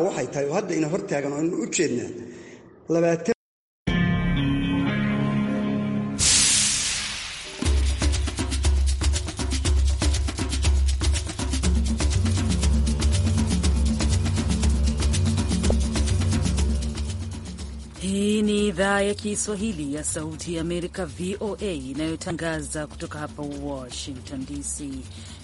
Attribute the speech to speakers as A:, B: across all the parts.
A: waxay tahay oo hadda ina hortaagan oo aynu u jeednaa
B: labaatan
C: ni idhaa ya Kiswahili ya Sauti ya Amerika, VOA, inayotangaza kutoka hapa Washington DC.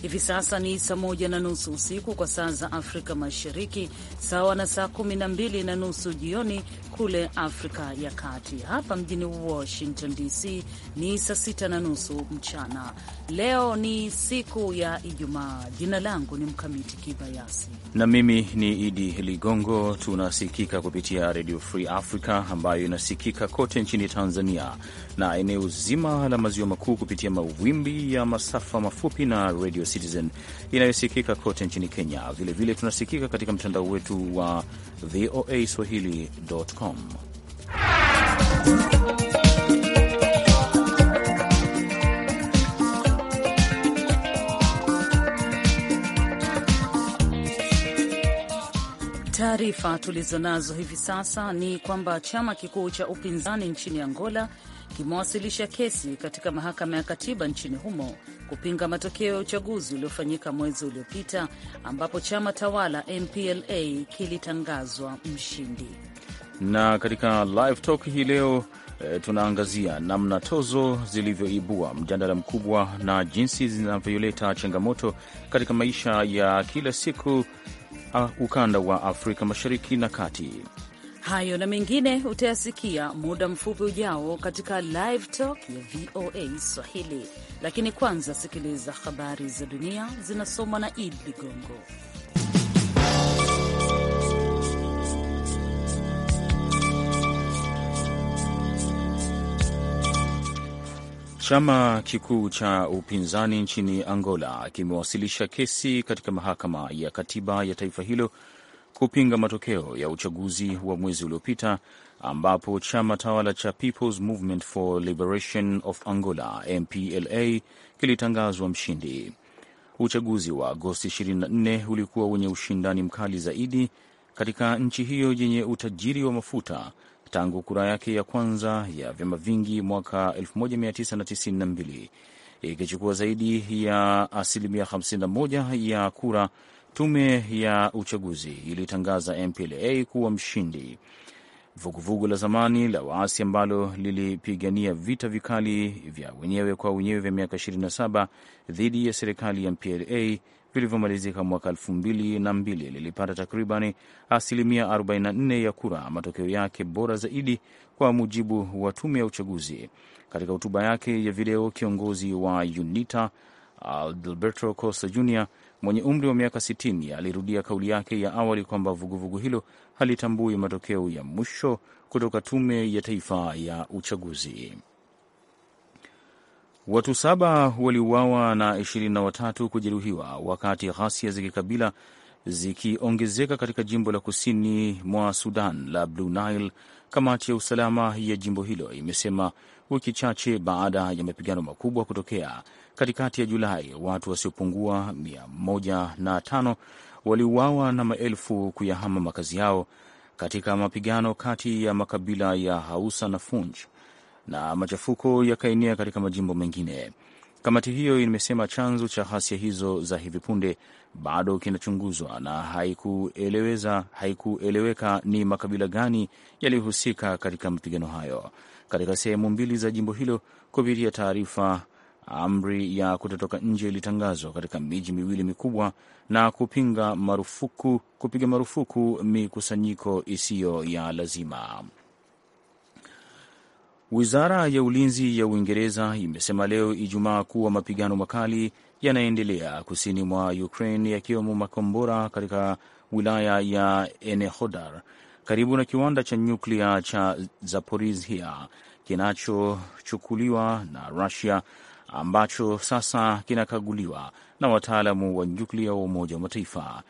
C: Hivi sasa ni saa moja na nusu usiku kwa saa za Afrika Mashariki, sawa na saa kumi na mbili na nusu jioni kule Afrika ya Kati. Hapa mjini Washington DC ni saa sita na nusu mchana. Leo ni siku ya Ijumaa. Jina langu ni Mkamiti Kibayasi
D: na mimi ni Idi Ligongo. Tunasikika kupitia Redio Free Africa ambayo inasikika kote nchini Tanzania na eneo zima la maziwa makuu kupitia mawimbi ya masafa mafupi na redio Citizen inayosikika kote nchini Kenya. Vilevile vile tunasikika katika mtandao wetu wa VOA swahili.com.
C: Taarifa tulizo nazo hivi sasa ni kwamba chama kikuu cha upinzani nchini Angola kimewasilisha kesi katika mahakama ya katiba nchini humo kupinga matokeo ya uchaguzi uliofanyika mwezi uliopita ambapo chama tawala MPLA kilitangazwa mshindi.
D: Na katika live talk hii leo e, tunaangazia namna tozo zilivyoibua mjadala mkubwa na jinsi zinavyoleta changamoto katika maisha ya kila siku ah, ukanda wa Afrika Mashariki na Kati.
C: Hayo na mengine utayasikia muda mfupi ujao katika Live Talk ya VOA Swahili, lakini kwanza sikiliza habari za dunia zinasomwa na Id Ligongo.
D: Chama kikuu cha upinzani nchini Angola kimewasilisha kesi katika mahakama ya katiba ya taifa hilo kupinga matokeo ya uchaguzi wa mwezi uliopita ambapo chama tawala cha People's Movement for Liberation of Angola MPLA kilitangazwa mshindi. Uchaguzi wa Agosti 24 ulikuwa wenye ushindani mkali zaidi katika nchi hiyo yenye utajiri wa mafuta tangu kura yake ya kwanza ya vyama vingi mwaka 1992 ikichukua zaidi ya asilimia 51 ya kura Tume ya uchaguzi ilitangaza MPLA kuwa mshindi. Vuguvugu vugu la zamani la waasi ambalo lilipigania vita vikali vya wenyewe kwa wenyewe vya miaka 27 dhidi ya serikali ya MPLA vilivyomalizika mwaka 22 lilipata takribani asilimia 44 ya kura, matokeo yake bora zaidi kwa mujibu wa tume ya uchaguzi. Katika hotuba yake ya video, kiongozi wa UNITA Adalberto Costa Jr mwenye umri wa miaka 60 alirudia kauli yake ya awali kwamba vuguvugu hilo halitambui matokeo ya mwisho kutoka Tume ya Taifa ya Uchaguzi. Watu saba waliuawa na 23 kujeruhiwa wakati ghasia za kikabila zikiongezeka katika jimbo la kusini mwa Sudan la Blue Nile, kamati ya usalama ya jimbo hilo imesema wiki chache baada ya mapigano makubwa kutokea katikati ya Julai, watu wasiopungua mia moja na tano waliuawa na maelfu kuyahama makazi yao katika mapigano kati ya makabila ya Hausa na Funj, na machafuko yakaenea katika majimbo mengine. Kamati hiyo imesema chanzo cha ghasia hizo za hivi punde bado kinachunguzwa na haikueleweza haikueleweka ni makabila gani yaliyohusika katika mapigano hayo katika sehemu mbili za jimbo hilo. Kupitia taarifa Amri ya kutotoka nje ilitangazwa katika miji miwili mikubwa na kupinga marufuku, kupiga marufuku mikusanyiko isiyo ya lazima. Wizara ya ulinzi ya Uingereza imesema leo Ijumaa kuwa mapigano makali yanaendelea kusini mwa Ukraine, yakiwemo makombora katika wilaya ya Enehodar karibu na kiwanda cha nyuklia cha Zaporizhia kinachochukuliwa na Rusia ambacho sasa kinakaguliwa na wataalamu wa nyuklia wa Umoja wa Mataifa.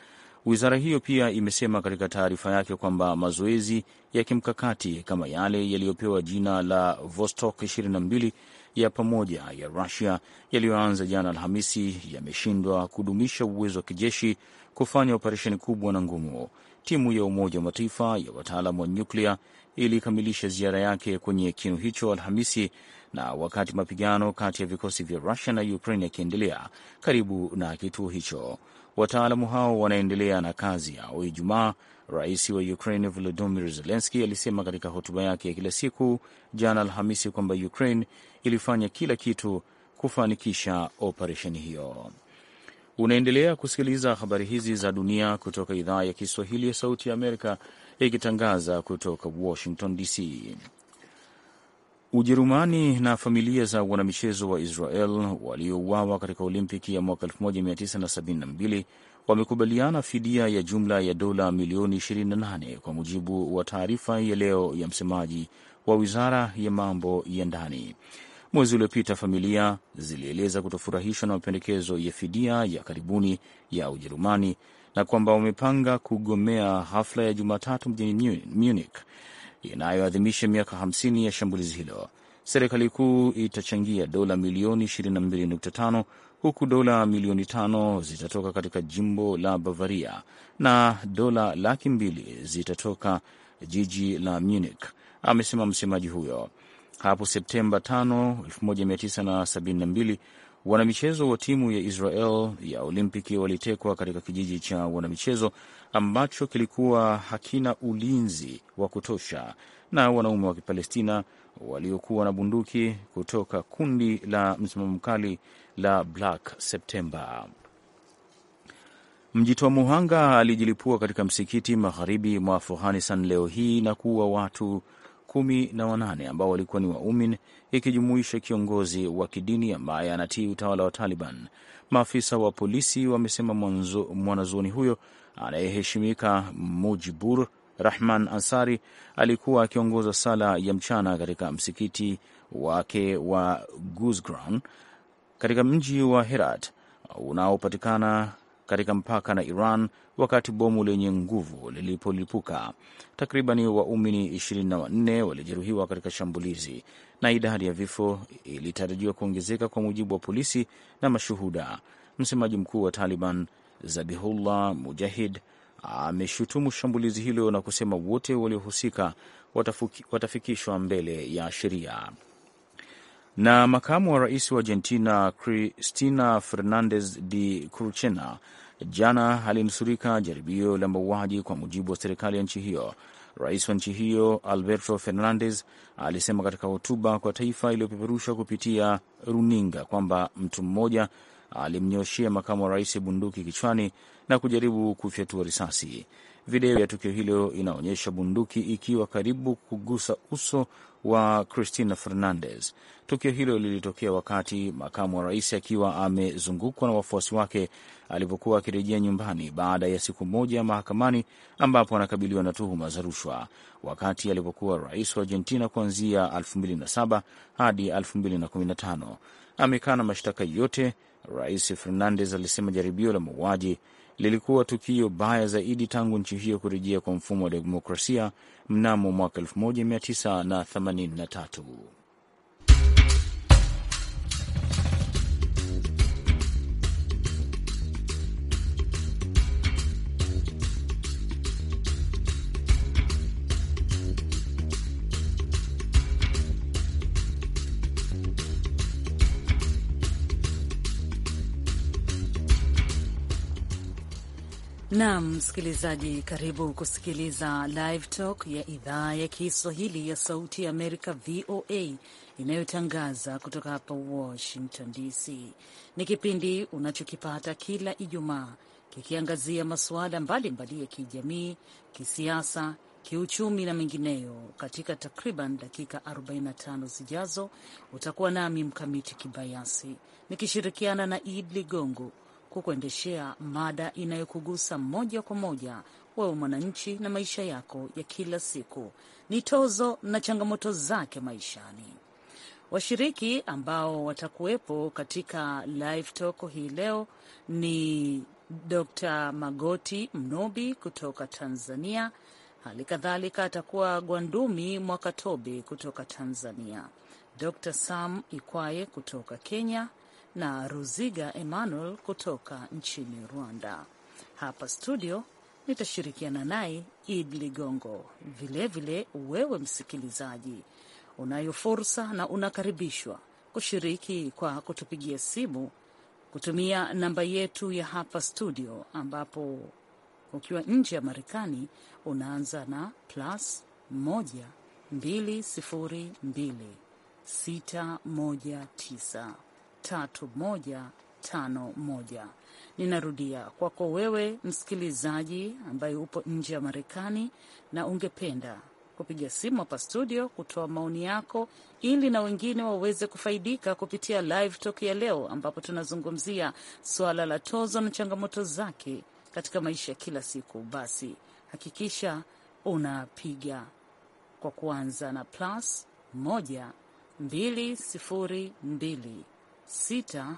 D: Wizara hiyo pia imesema katika taarifa yake kwamba mazoezi ya kimkakati kama yale yaliyopewa jina la Vostok 22 ya pamoja ya Rusia yaliyoanza jana Alhamisi yameshindwa kudumisha uwezo wa kijeshi kufanya operesheni kubwa na ngumu. Timu ya Umoja wa Mataifa ya wataalamu wa nyuklia ilikamilisha ziara yake kwenye kinu hicho Alhamisi na wakati mapigano kati ya vikosi vya Rusia na Ukraine yakiendelea karibu na kituo hicho. Wataalamu hao wanaendelea na kazi yao. Ijumaa, rais wa Ukraine Volodymyr Zelenski alisema katika hotuba yake ya kila siku jana Alhamisi kwamba Ukraine ilifanya kila kitu kufanikisha operesheni hiyo. Unaendelea kusikiliza habari hizi za dunia kutoka idhaa ya Kiswahili ya Sauti ya Amerika, ikitangaza kutoka Washington DC. Ujerumani na familia za wanamichezo wa Israel waliouawa katika Olimpiki ya mwaka 1972 wamekubaliana fidia ya jumla ya dola milioni 28 kwa mujibu wa taarifa ya leo ya msemaji wa wizara ya mambo ya ndani. Mwezi uliopita familia zilieleza kutofurahishwa na mapendekezo ya fidia ya karibuni ya Ujerumani na kwamba wamepanga kugomea hafla ya Jumatatu mjini Munich inayoadhimisha miaka 50 ya shambulizi hilo. Serikali kuu itachangia dola milioni 22.5 huku dola milioni tano zitatoka katika jimbo la Bavaria na dola laki mbili zitatoka jiji la Munich, amesema msemaji huyo. Hapo Septemba 5, 1972 wanamichezo wa timu ya Israel ya Olimpiki walitekwa katika kijiji cha wanamichezo ambacho kilikuwa hakina ulinzi wa kutosha na wanaume wa Kipalestina waliokuwa na bunduki kutoka kundi la msimamo mkali la Black September. Mjitoa muhanga alijilipua katika msikiti magharibi mwa Afghanistan leo hii na kuua watu kumi na wanane ambao walikuwa ni waumin, ikijumuisha kiongozi wa kidini ambaye anatii utawala wa Taliban. Maafisa wa polisi wamesema mwanazuoni huyo anayeheshimika Mujibur Rahman Ansari alikuwa akiongoza sala ya mchana katika msikiti wake wa Guzgran katika mji wa Herat unaopatikana katika mpaka na Iran wakati bomu lenye nguvu lilipolipuka. Takribani waumini 24 walijeruhiwa katika shambulizi na idadi ya vifo ilitarajiwa kuongezeka, kwa mujibu wa polisi na mashuhuda. Msemaji mkuu wa Taliban Zabihullah Mujahid ameshutumu shambulizi hilo na kusema wote waliohusika watafikishwa mbele ya sheria. Na makamu wa rais wa Argentina Cristina Fernandez de Kirchner jana alinusurika jaribio la mauaji, kwa mujibu wa serikali ya nchi hiyo. Rais wa nchi hiyo Alberto Fernandez alisema katika hotuba kwa taifa iliyopeperushwa kupitia runinga kwamba mtu mmoja alimnyoshia makamu wa rais bunduki kichwani na kujaribu kufyatua risasi. Video ya tukio hilo inaonyesha bunduki ikiwa karibu kugusa uso wa Cristina Fernandez. Tukio hilo lilitokea wakati makamu wa rais akiwa amezungukwa na wafuasi wake alipokuwa akirejea nyumbani baada ya siku moja mahakamani ambapo anakabiliwa na tuhuma za rushwa. Wakati alipokuwa rais wa Argentina kuanzia 2007 hadi 2015 amekaa na mashtaka yote Rais Fernandez alisema jaribio la mauaji lilikuwa tukio baya zaidi tangu nchi hiyo kurejea kwa mfumo wa demokrasia mnamo mwaka 1983.
C: Naam, msikilizaji, karibu kusikiliza Live Talk ya idhaa ya Kiswahili ya Sauti ya Amerika, VOA, inayotangaza kutoka hapa Washington DC. Ni kipindi unachokipata kila Ijumaa kikiangazia masuala mbalimbali ya kijamii, kisiasa, kiuchumi na mengineyo. Katika takriban dakika 45 zijazo utakuwa nami Mkamiti Kibayasi nikishirikiana na Id Ligongo kukuendeshea mada inayokugusa moja kwa moja wewe mwananchi na maisha yako ya kila siku. Ni tozo na changamoto zake maishani. Washiriki ambao watakuwepo katika live talk hii leo ni Dr. Magoti Mnobi kutoka Tanzania. Hali kadhalika atakuwa Gwandumi Mwakatobe kutoka Tanzania, Dr. Sam Ikwaye kutoka Kenya, na Ruziga Emmanuel kutoka nchini Rwanda. Hapa studio nitashirikiana naye Id Ligongo. Vilevile wewe msikilizaji, unayo fursa na unakaribishwa kushiriki kwa kutupigia simu kutumia namba yetu ya hapa studio, ambapo ukiwa nje ya Marekani unaanza na plus 1 202 619 3151. Ninarudia kwako wewe msikilizaji ambaye upo nje ya Marekani na ungependa kupiga simu hapa studio kutoa maoni yako ili na wengine waweze kufaidika kupitia live talk ya leo, ambapo tunazungumzia suala la tozo na changamoto zake katika maisha ya kila siku. Basi hakikisha unapiga kwa kuanza na plus 1 mbili sita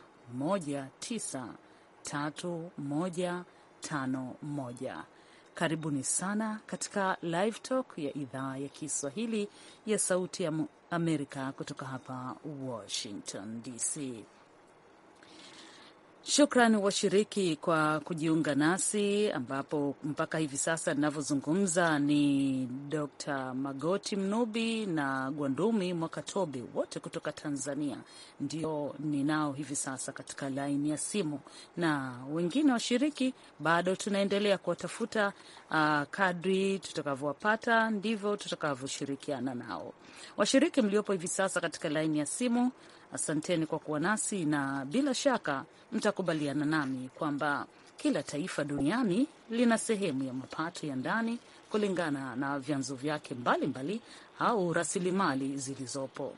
C: Karibuni sana katika Live Talk ya idhaa ya Kiswahili ya Sauti ya Amerika kutoka hapa Washington DC. Shukran washiriki kwa kujiunga nasi, ambapo mpaka hivi sasa ninavyozungumza ni Dr Magoti Mnubi na Gwandumi Mwakatobe, wote kutoka Tanzania, ndio ninao hivi sasa katika laini ya simu, na wengine washiriki bado tunaendelea kuwatafuta. Uh, kadri tutakavyowapata ndivyo tutakavyoshirikiana nao. Washiriki mliopo hivi sasa katika laini ya simu Asanteni kwa kuwa nasi na bila shaka mtakubaliana nami kwamba kila taifa duniani lina sehemu ya mapato ya ndani kulingana na vyanzo vyake mbalimbali au rasilimali zilizopo.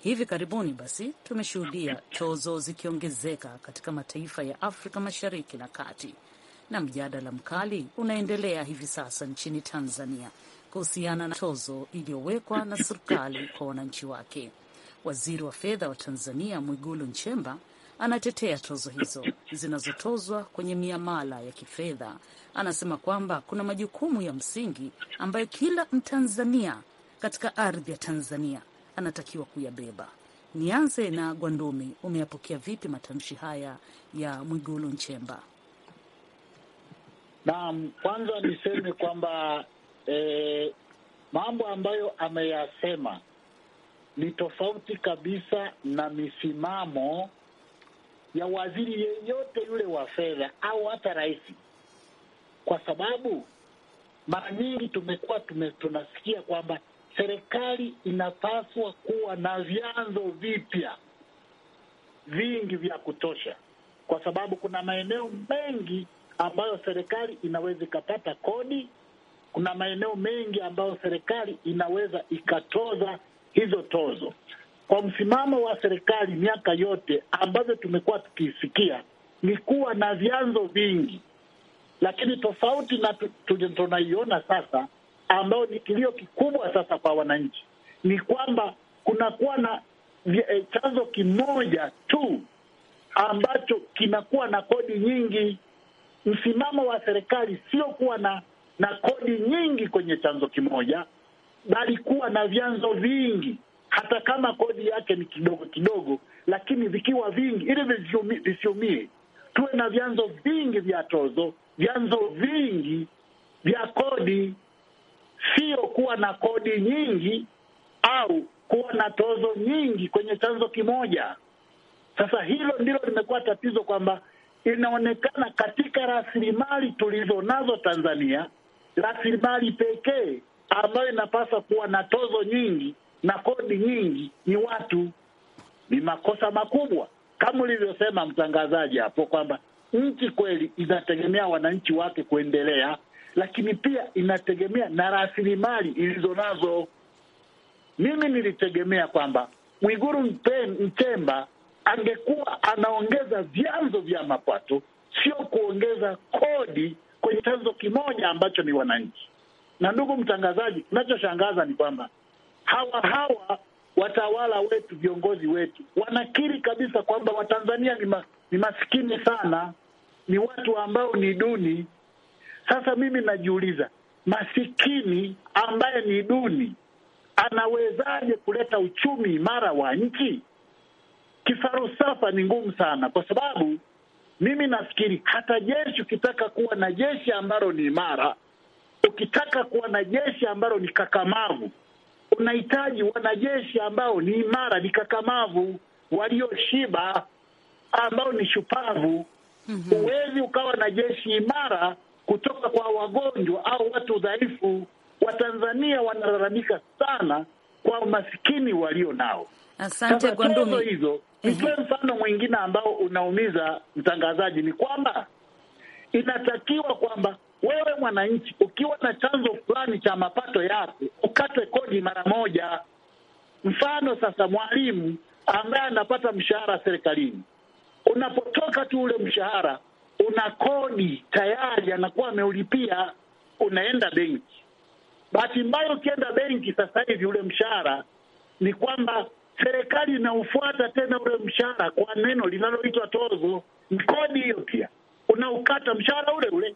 C: Hivi karibuni basi tumeshuhudia tozo zikiongezeka katika mataifa ya Afrika Mashariki na Kati, na mjadala mkali unaendelea hivi sasa nchini Tanzania kuhusiana na tozo iliyowekwa na serikali kwa wananchi wake. Waziri wa fedha wa Tanzania Mwigulu Nchemba anatetea tozo hizo zinazotozwa kwenye miamala ya kifedha. Anasema kwamba kuna majukumu ya msingi ambayo kila Mtanzania katika ardhi ya Tanzania anatakiwa kuyabeba. Nianze na Gwandumi, umeyapokea vipi matamshi haya ya Mwigulu Nchemba?
E: Naam, kwanza niseme kwamba eh, mambo ambayo ameyasema ni tofauti kabisa na misimamo ya waziri yeyote yule wa fedha au hata rais, kwa sababu mara nyingi tumekuwa tume, tunasikia kwamba serikali inapaswa kuwa na vyanzo vipya vingi vya kutosha, kwa sababu kuna maeneo mengi ambayo serikali inaweza ikapata kodi, kuna maeneo mengi ambayo serikali inaweza ikatoza hizo tozo. Kwa msimamo wa serikali miaka yote ambazo tumekuwa tukiisikia ni kuwa na vyanzo vingi, lakini tofauti na tunaiona sasa, ambayo ni kilio kikubwa sasa kwa wananchi, ni kwamba kunakuwa na eh, chanzo kimoja tu ambacho kinakuwa na kodi nyingi. Msimamo wa serikali sio kuwa na na kodi nyingi kwenye chanzo kimoja, bali kuwa na vyanzo vingi, hata kama kodi yake ni kidogo kidogo, lakini vikiwa vingi, ili visiumie, tuwe na vyanzo vingi vya tozo, vyanzo vingi vya kodi, sio kuwa na kodi nyingi au kuwa na tozo nyingi kwenye chanzo kimoja. Sasa hilo ndilo limekuwa tatizo, kwamba inaonekana katika rasilimali tulizo nazo Tanzania, rasilimali pekee ambayo inapaswa kuwa na tozo nyingi na kodi nyingi ni watu. Ni makosa makubwa kama ulivyosema mtangazaji hapo kwamba nchi kweli inategemea wananchi wake kuendelea, lakini pia inategemea na rasilimali ilizo nazo. Mimi nilitegemea kwamba Mwiguru mchemba angekuwa anaongeza vyanzo vya mapato, sio kuongeza kodi kwenye chanzo kimoja ambacho ni wananchi. Na ndugu mtangazaji, kinachoshangaza ni kwamba hawa hawa watawala wetu, viongozi wetu wanakiri kabisa kwamba Watanzania ni, ma, ni masikini sana, ni watu ambao ni duni. Sasa mimi najiuliza, masikini ambaye ni duni anawezaje kuleta uchumi imara wa nchi? Kifarusafa ni ngumu sana, kwa sababu mimi nafikiri hata jeshi ukitaka kuwa na jeshi ambalo ni imara Ukitaka kuwa na jeshi ambalo ni kakamavu, unahitaji wanajeshi ambao ni imara, ni kakamavu, walioshiba, ambao ni shupavu. mm -hmm. ukawa na jeshi imara kutoka kwa wagonjwa au watu dhaifu. Watanzania wanalalamika sana kwa umasikini walio nao.
C: Asante Gwandumi. Hizo
E: mhm. nitoe mfano mwingine ambao unaumiza mtangazaji, ni kwamba inatakiwa kwamba wewe mwananchi ukiwa na chanzo fulani cha mapato yako ukatwe kodi mara moja. Mfano sasa, mwalimu ambaye anapata mshahara serikalini, unapotoka tu ule mshahara una kodi tayari anakuwa ameulipia. Unaenda benki, bahati mbaya ukienda benki sasa hivi ule mshahara ni kwamba serikali inaufuata tena ule mshahara kwa neno linaloitwa tozo, ni kodi hiyo pia unaukata mshahara ule ule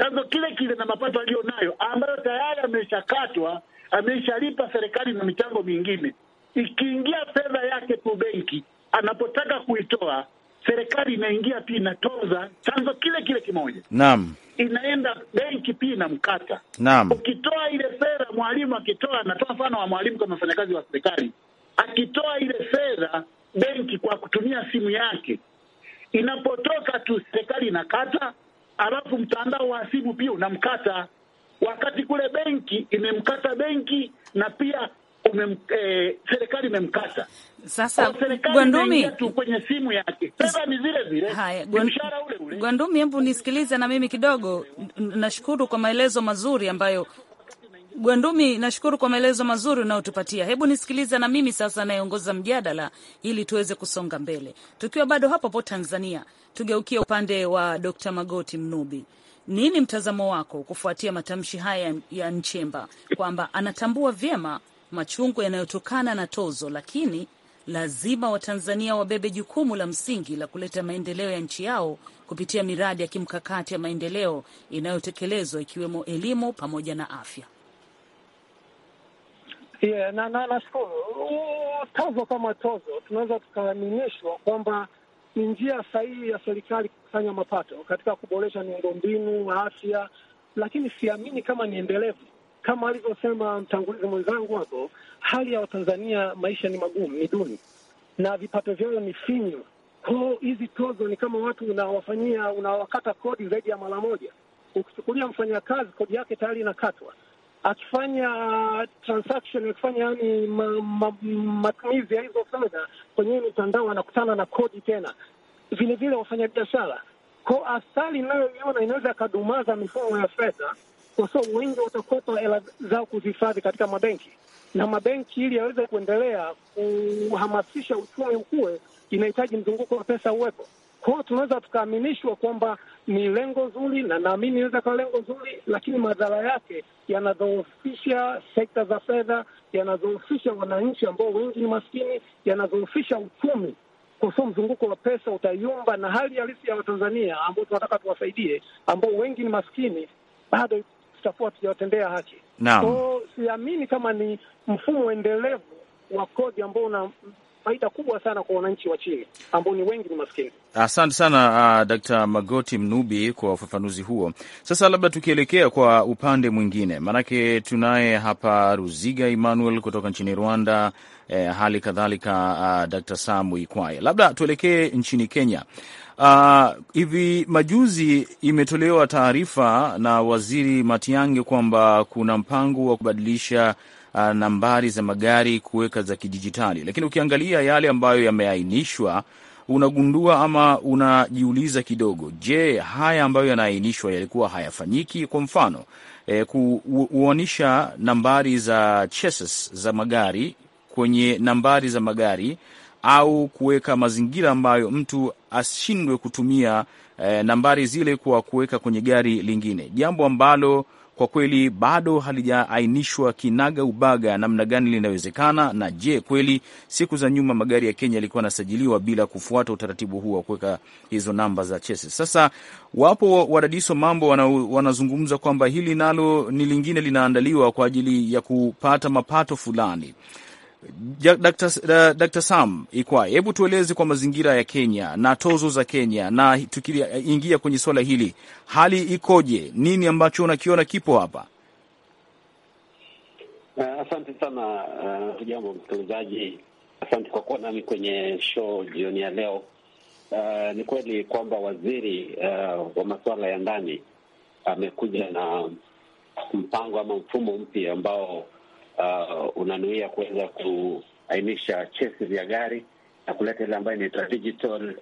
E: chanzo kile kile na mapato aliyo nayo ambayo tayari ameshakatwa, ameshalipa serikali na michango mingine, ikiingia fedha yake tu benki, anapotaka kuitoa serikali inaingia pia inatoza chanzo kile kile kimoja. Naam, inaenda benki pia inamkata. Naam, ukitoa ile fedha, mwalimu akitoa, natoa mfano wa mwalimu kama mfanyakazi wa serikali, akitoa ile fedha benki kwa kutumia simu yake, inapotoka tu serikali inakata alafu mtandao wa simu pia unamkata, wakati kule benki imemkata benki na pia umem, e, serikali imemkata. Sasa Gwandumi kwenye simu yake sasa ni zile
C: zile haya, mshahara ule ule. Gwandumi, hebu nisikilize na mimi kidogo. Nashukuru kwa maelezo mazuri ambayo Gwandumi, nashukuru kwa maelezo mazuri unayotupatia. Hebu nisikiliza na mimi sasa, anayeongoza mjadala ili tuweze kusonga mbele. Tukiwa bado hapopo Tanzania, tugeukie upande wa d Magoti Mnubi. Nini mtazamo wako kufuatia matamshi haya ya Nchemba kwamba anatambua vyema machungu yanayotokana na tozo, lakini lazima Watanzania wabebe jukumu la msingi la kuleta maendeleo ya nchi yao kupitia miradi ya kimkakati ya maendeleo inayotekelezwa ikiwemo elimu pamoja na afya?
B: Yeah, na na nashukuru. Tozo kama tozo, tunaweza tukaaminishwa kwamba ni njia sahihi ya serikali kukusanya mapato katika kuboresha miundombinu, afya, lakini siamini kama ni endelevu. Kama alivyosema mtangulizi mwenzangu hapo, hali ya Watanzania, maisha ni magumu, ni duni na vipato vyao ni finyu. ko hizi tozo ni kama watu unawafanyia, unawakata kodi zaidi ya mara moja. Ukichukulia mfanyakazi, kodi yake tayari inakatwa akifanya transaction akifanya yani matumizi ya hizo fedha kwenye hii mitandao anakutana na kodi tena vilevile, wafanyabiashara ko athari inayoiona inaweza ikadumaza mifumo ya fedha, kwa sababu wengi watakwepa hela zao kuzihifadhi katika mabenki, na mabenki ili yaweze kuendelea kuhamasisha uchumi ukue, inahitaji mzunguko wa pesa uwepo kwao, tunaweza tukaaminishwa kwamba ni lengo zuri, na naamini inaweza kuwa lengo zuri, lakini madhara yake yanadhoofisha sekta za fedha, yanadhoofisha wananchi ambao wengi ni maskini, yanadhoofisha uchumi kwa sababu mzunguko wa pesa utayumba, na hali halisi ya Watanzania ambao tunataka tuwasaidie, ambao wengi ni maskini, bado tutakuwa tujawatendea haki. Naam, so siamini kama ni mfumo endelevu wa kodi ambao una faida kubwa sana kwa wananchi wa chini ambao ni wengi ni maskini.
D: Asante sana uh, Dr. Magoti Mnubi kwa ufafanuzi huo. Sasa labda tukielekea kwa upande mwingine, maanake tunaye hapa Ruziga Emmanuel kutoka nchini Rwanda, E, hali kadhalika uh, Dr. Samu Ikwaye. Labda tuelekee nchini Kenya. Uh, hivi majuzi imetolewa taarifa na Waziri Matiang'i kwamba kuna mpango wa kubadilisha uh, nambari za magari kuweka za kidijitali, lakini ukiangalia yale ambayo yameainishwa unagundua ama unajiuliza kidogo, je, haya ambayo yanaainishwa yalikuwa hayafanyiki? Kwa mfano e, eh, kuoanisha nambari za chesis za magari kwenye nambari za magari au kuweka mazingira ambayo mtu ashindwe kutumia e, nambari zile kwa kuweka kwenye gari lingine, jambo ambalo kwa kweli bado halijaainishwa kinaga ubaga namna gani linawezekana. Na je, kweli siku za nyuma magari ya Kenya yalikuwa yanasajiliwa bila kufuata utaratibu huu wa kuweka hizo namba za chesi? Sasa wapo wadadiso wa mambo wanazungumza kwamba hili nalo ni lingine linaandaliwa kwa ajili ya kupata mapato fulani. Dr. Sam Ikwa, hebu tueleze kwa mazingira ya Kenya na tozo za Kenya, na tukiingia kwenye suala hili, hali ikoje? Nini ambacho unakiona kipo hapa?
F: Asante sana. Uh, hujambo uh, msikilizaji. Asante kwa kuwa nami kwenye show jioni ya leo. Uh, ni kweli kwamba waziri uh, wa masuala ya ndani amekuja na mpango ama mfumo mpya ambao uh, unanuia kuweza kuainisha chesi vya gari na kuleta ile ambayo inaitwa digital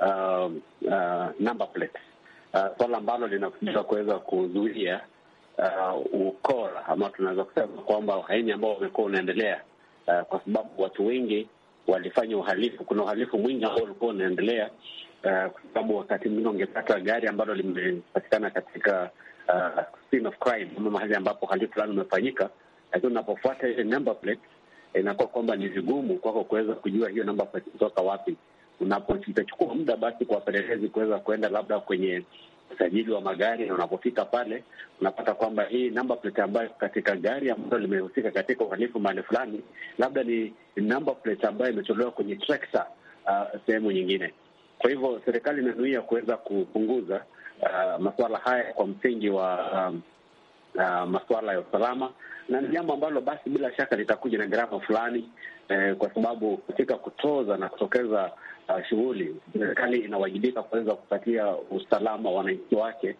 F: uh, uh, number plate uh, swala ambalo linakuja kuweza kuzuia uh, ukora ama tunaweza kusema kwamba uhaini ambao umekuwa unaendelea uh, kwa sababu watu wengi walifanya uhalifu. Kuna uhalifu mwingi ambao ulikuwa unaendelea uh, kwa sababu wakati mwingine ungepata gari ambalo limepatikana katika uh, scene of crime ama mahali ambapo uhalifu fulani umefanyika, lakini unapofuata ile number plate inakuwa kwamba ni vigumu kwako kuweza kujua hiyo namba kutoka wapi. Itachukua muda basi kwa wapelelezi kuweza kuenda labda kwenye usajili wa magari, na unapofika pale unapata kwamba hii namba plate ambayo katika gari ambalo limehusika katika uhalifu mahali fulani, labda ni namba plate ambayo imetolewa kwenye trekta uh, sehemu nyingine. Kwa hivyo serikali inanuia kuweza kupunguza uh, masuala haya kwa msingi wa um, uh, masuala ya usalama, na ni jambo ambalo basi bila shaka litakuja na gharama fulani eh, kwa sababu katika kutoza na kutokeza uh, shughuli serikali inawajibika kuweza kupatia usalama wananchi wake,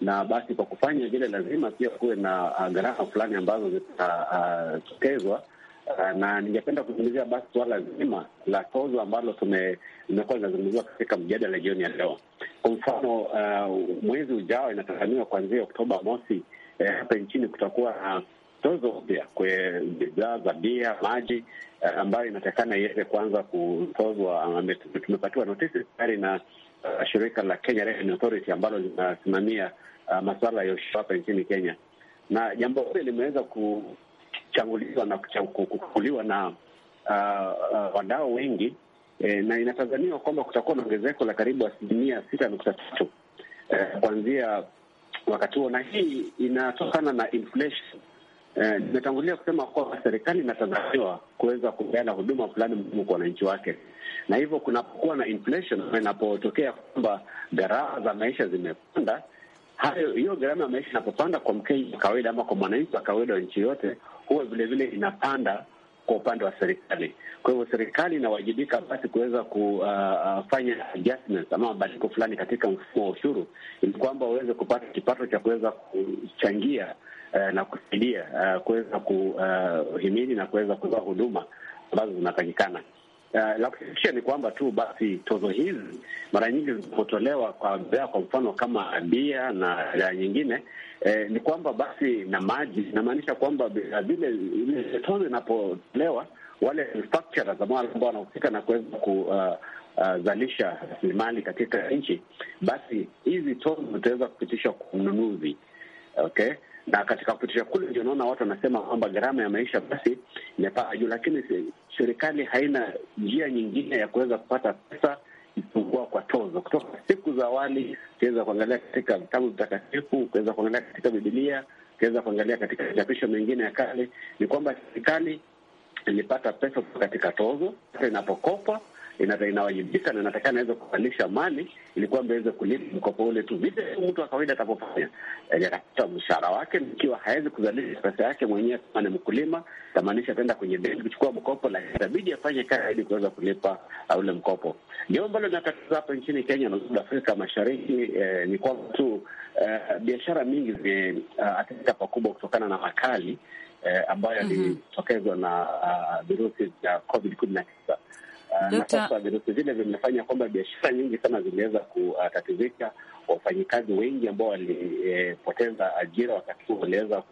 F: na basi kwa kufanya vile lazima pia kuwe na uh, gharama fulani ambazo zitatokezwa ah, uh, Uh, na ningependa kuzungumzia basi suala zima la tozo ambalo limekuwa linazungumziwa katika mjadala jioni ya leo. Kwa mfano, uh, mwezi ujao inatazamiwa kuanzia Oktoba mosi Eh, hapa nchini kutakuwa na tozo pia kwe bidhaa za bia, maji eh, ambayo inatakana iweze kuanza kutozwa. Tumepatiwa notisi tayari na uh, shirika la Kenya Revenue Authority ambalo linasimamia uh, masuala ya ushuru hapa nchini Kenya, na jambo hili limeweza kuchanguliwa na kukuliwa na uh, uh, wadau wengi eh, na inatazamiwa kwamba kutakuwa na ongezeko la karibu asilimia sita nukta tatu eh, kuanzia wakati huo, na hii inatokana na inflation. Eh, nimetangulia eh, kusema kwamba serikali inatazamiwa kuweza kupeana huduma fulani muhimu kwa wananchi wake, na hivyo kunapokuwa na inflation, inapotokea kwamba gharama za maisha zimepanda, hayo hiyo gharama ya maisha inapopanda kwa Mkenya wa kawaida ama kwa mwananchi wa kawaida wa nchi yote, huwa vilevile inapanda kwa upande wa serikali. Kwa hivyo serikali inawajibika basi kuweza kufanya uh, uh adjustments ama mabadiliko fulani katika mfumo wa ushuru, ili kwamba waweze kupata kipato cha kuweza kuchangia uh, na kusaidia uh, kuweza kuhimili uh, na kuweza kutoa huduma ambazo zinatakikana. Eh, la kusikitisha ni kwamba tu basi tozo hizi mara nyingi zinapotolewa kwa bidhaa, kwa mfano kama bia na bidhaa nyingine eh, ni kwamba basi na maji, inamaanisha kwamba vile ile tozo inapotolewa wale manufacturers ambao wanahusika na kuweza ku eh, eh, zalisha uh, rasilimali katika nchi, basi hizi tozo zitaweza kupitishwa kwa mnunuzi, okay na katika kupitisha kule ndio naona watu wanasema kwamba gharama ya maisha basi imepaa juu, lakini serikali haina njia nyingine ya kuweza kupata pesa isipokuwa kwa tozo. Kutoka siku za awali ukiweza kuangalia katika vitabu vitakatifu, ukiweza kuangalia katika Bibilia, ukiweza kuangalia katika machapisho mengine ya kale, ni kwamba serikali ilipata pesa katika tozo. Sasa inapokopa inawajibika na inatakana naweza kupandisha mali ili kwamba iweze kulipa mkopo ule tu, vile mtu wa kawaida atapofanya eh, atapata mshahara wake. Ikiwa hawezi kuzalisha pesa yake mwenyewe kama ni mkulima, tamaanisha ataenda kwenye benki kuchukua mkopo, lakini itabidi afanye kazi ili kuweza kulipa uh, ule mkopo. Jambo ambalo linatatiza hapa nchini Kenya na Afrika Mashariki eh, ni kwamba tu eh, biashara mingi zimeathirika uh, eh, pakubwa kutokana na makali eh, ambayo mhm. yalitokezwa mm -hmm. na uh, virusi vya COVID kumi na tisa Ah, na sasa virusi vile vimefanya kwamba biashara nyingi sana zimeweza kutatizika. Wafanyikazi wengi ambao walipoteza ajira wakati huu waliweza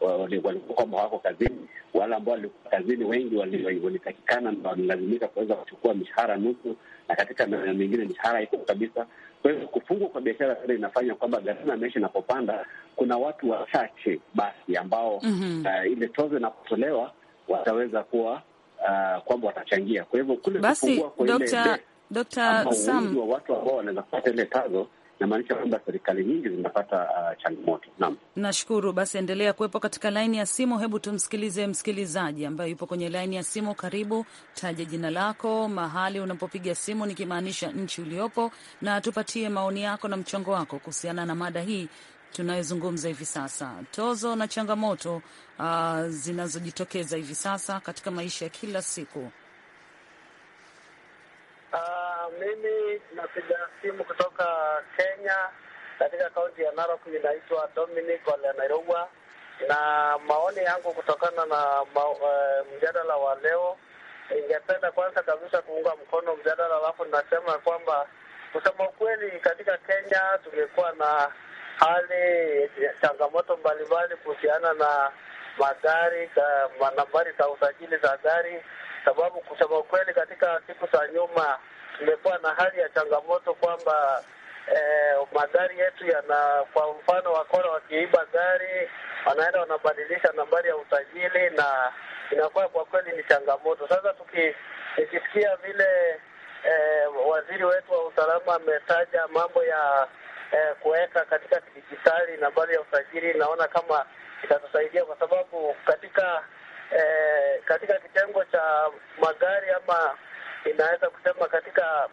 F: ah, walikuwa kwamba wako kazini, wale ambao walikuwa kazini wengi walitakikana na walilazimika kuweza kuchukua mishahara nusu, na katika maeneo mengine mishahara iko kabisa. Kwa hivyo kufungwa kwa biashara pia inafanya kwamba gharama ya maisha inapopanda, kuna watu wachache basi ambao mm -hmm. uh, ile tozo inapotolewa wataweza kuwa uh, kwamba watachangia. Kwa hivyo kule kupungua wa watu ambao wanaweza kupata ile tazo namaanisha kwamba serikali nyingi zinapata uh, changamoto. Naam,
C: nashukuru. Basi endelea kuwepo katika laini ya simu. Hebu tumsikilize msikilizaji ambaye yupo kwenye laini ya simu. Karibu, taja jina lako, mahali unapopiga simu, nikimaanisha nchi uliopo, na tupatie maoni yako na mchango wako kuhusiana na mada hii tunayozungumza hivi sasa, tozo na changamoto uh, zinazojitokeza hivi sasa katika maisha ya kila siku.
G: Uh, mimi napiga simu kutoka Kenya katika kaunti ya Narok, inaitwa Dominic Ole na maoni yangu kutokana na ma, uh, mjadala wa leo, ningependa kwanza kabisa kuunga mkono mjadala, alafu nasema kwamba kusema ukweli, katika Kenya tungekuwa na hali changamoto mbalimbali kuhusiana na magari nambari za usajili za gari, sababu kusema ukweli, katika siku za nyuma tumekuwa na hali ya changamoto kwamba eh, magari yetu yana, kwa mfano, wakora wakiiba gari wanaenda wanabadilisha nambari ya usajili, na inakuwa kwa kweli ni changamoto. Sasa tukisikia vile eh, waziri wetu wa usalama ametaja mambo ya eh, kuweka katika kidijitali nambari ya usajili, naona kama itatusaidia kwa sababu katika eh, katika kitengo cha magari ama inaweza kusema katika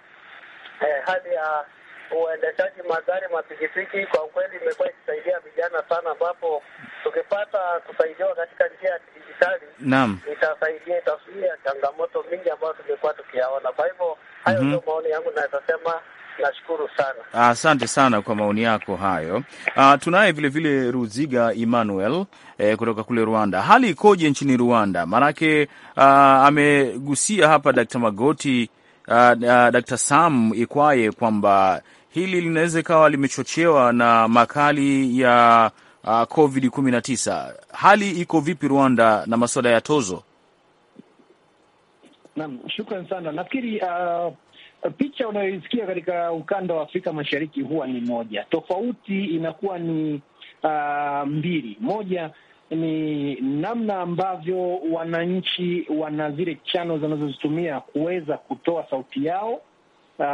G: eh, hali ya uendeshaji magari mapikipiki, kwa kweli imekuwa ikisaidia vijana sana, ambapo tukipata kusaidiwa katika njia ya kidijitali
D: naam, itasaidia itasuia
G: changamoto mingi ambayo tumekuwa tukiyaona. Kwa
D: hivyo hayo mhm. ndio mm
G: -hmm. maoni yangu naweza sema
D: Nashukuru sana, asante sana kwa maoni yako hayo. Ah, tunaye vilevile Ruziga Emmanuel eh, kutoka kule Rwanda. Hali ikoje nchini Rwanda? Maanake ah, amegusia hapa Dkt. Magoti ah, ah, Dkt. Sam Ikwaye kwamba hili linaweza ikawa limechochewa na makali ya ah, Covid 19. Hali iko vipi Rwanda na masuala ya tozo?
H: Naam, shukran sana. Nafikiri uh, picha unayoisikia katika ukanda wa Afrika Mashariki huwa ni moja, tofauti inakuwa ni uh, mbili. Moja ni namna ambavyo wananchi wana zile chano zinazozitumia kuweza kutoa sauti yao, uh,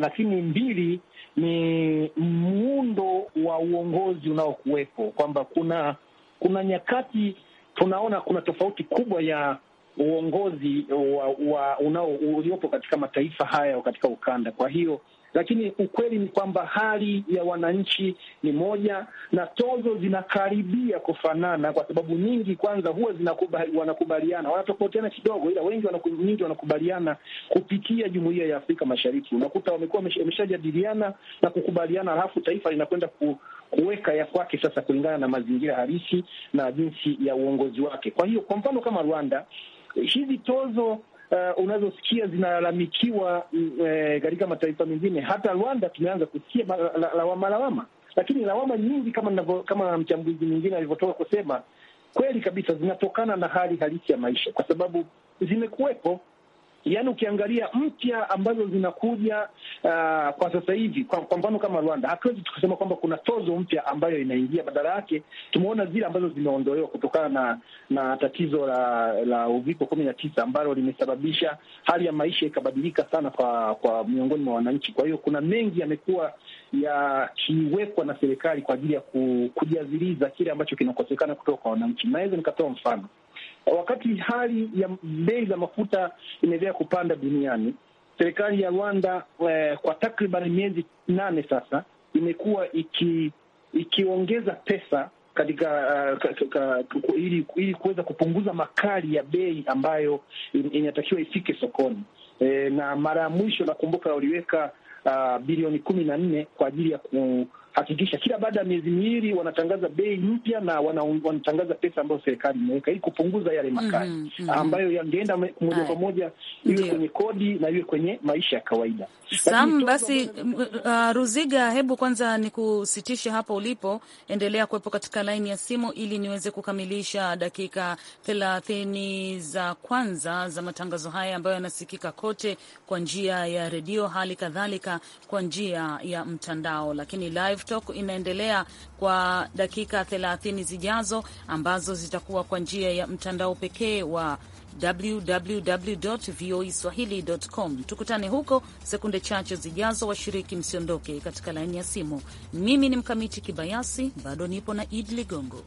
H: lakini mbili ni muundo wa uongozi unaokuwepo kwamba kuna kuna nyakati tunaona kuna tofauti kubwa ya uongozi wa, wa unao uliopo katika mataifa haya katika ukanda. Kwa hiyo lakini ukweli ni kwamba hali ya wananchi ni moja na tozo zinakaribia kufanana, kwa sababu nyingi kwanza huwa zinakubali, wanakubaliana, wanatofautiana kidogo, ila wengi nyingi wanakubaliana kupitia jumuiya ya Afrika Mashariki. Unakuta wamekuwa wameshajadiliana na kukubaliana, halafu taifa linakwenda ku, kuweka ya kwake sasa kulingana na mazingira halisi na jinsi ya uongozi wake. Kwa hiyo kwa mfano kama Rwanda hizi tozo uh, unazosikia zinalalamikiwa eh, katika uh, mataifa mengine, hata Rwanda tumeanza kusikia lawama lawama, lakini lawama nyingi kama, kama mchambuzi mwingine alivyotoka kusema, kweli kabisa zinatokana na hali halisi ya maisha, kwa sababu zimekuwepo yani ukiangalia mpya ambazo zinakuja uh, kwa sasa hivi, kwa mfano kama Rwanda, hatuwezi tukasema kwamba kuna tozo mpya ambayo inaingia, badala yake tumeona zile ambazo zimeondolewa kutokana na na tatizo la la uviko kumi na tisa ambalo limesababisha hali ya maisha ikabadilika sana kwa kwa miongoni mwa wananchi. Kwa hiyo kuna mengi yamekuwa yakiwekwa na serikali kwa ajili ya kujaziliza kile ambacho kinakosekana kutoka kwa wananchi. Naweza nikatoa mfano Wakati hali ya bei za mafuta imeendelea kupanda duniani, serikali ya Rwanda eh, kwa takriban miezi nane sasa imekuwa iki, ikiongeza pesa katika uh, ili, ili kuweza kupunguza makali ya bei ambayo inatakiwa ifike sokoni e, na mara ya mwisho nakumbuka waliweka uh, bilioni kumi na nne kwa ajili ya ku, hakikisha kila baada ya miezi miwili wanatangaza bei mpya na wana, wanatangaza pesa ambayo serikali imeweka ili kupunguza yale mhm, makali mm -hmm, mm -hmm. ambayo yangeenda moja kwa moja iwe kwenye kodi na iwe kwenye maisha ya kawaida.
C: Sam, basi uh, Ruziga, hebu kwanza nikusitishe hapo ulipo, endelea kuwepo katika laini ya simu ili niweze kukamilisha dakika thelathini za kwanza za matangazo haya ambayo yanasikika kote kwa njia ya redio, hali kadhalika kwa njia ya mtandao, lakini live TikTok inaendelea kwa dakika 30 zijazo ambazo zitakuwa kwa njia ya mtandao pekee wa www.voaswahili.com. Tukutane huko sekunde chache zijazo. Washiriki, msiondoke katika laini ya simu. Mimi ni Mkamiti Kibayasi, bado nipo na Idi Ligongo.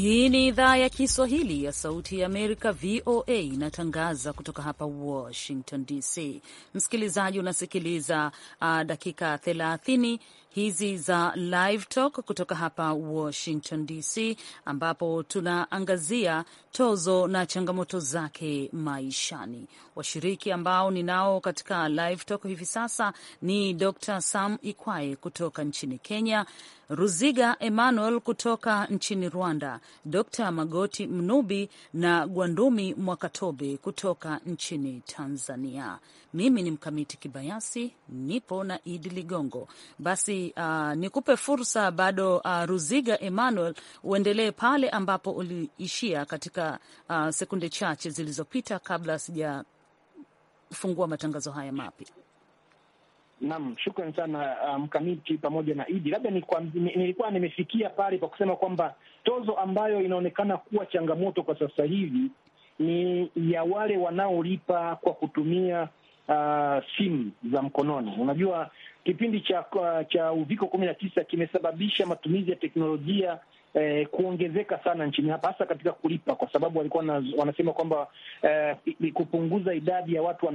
C: Hii ni idhaa ya Kiswahili ya Sauti ya Amerika, VOA, inatangaza kutoka hapa Washington DC. Msikilizaji, unasikiliza uh, dakika 30 hizi za Live Talk kutoka hapa Washington DC, ambapo tunaangazia tozo na changamoto zake maishani. Washiriki ambao ninao katika Live Talk hivi sasa ni Dr Sam Ikwae kutoka nchini Kenya, Ruziga Emmanuel kutoka nchini Rwanda, Dr Magoti Mnubi na Gwandumi Mwakatobe kutoka nchini Tanzania. Mimi ni Mkamiti Kibayasi, nipo na Idi Ligongo. Basi uh, nikupe fursa bado uh, Ruziga Emmanuel, uendelee pale ambapo uliishia katika uh, sekunde chache zilizopita kabla sijafungua matangazo haya mapya.
H: Naam, shukran sana uh, Mkamiti um, pamoja na Idi. Labda nilikuwa nimefikia pale pa kusema kwamba tozo ambayo inaonekana kuwa changamoto kwa sasa hivi ni ya wale wanaolipa kwa kutumia uh, simu za mkononi. Unajua kipindi cha cha uviko kumi na tisa kimesababisha matumizi ya teknolojia eh, kuongezeka sana nchini hapa, hasa katika kulipa, kwa sababu walikuwa wanasema kwamba eh, kupunguza idadi ya watu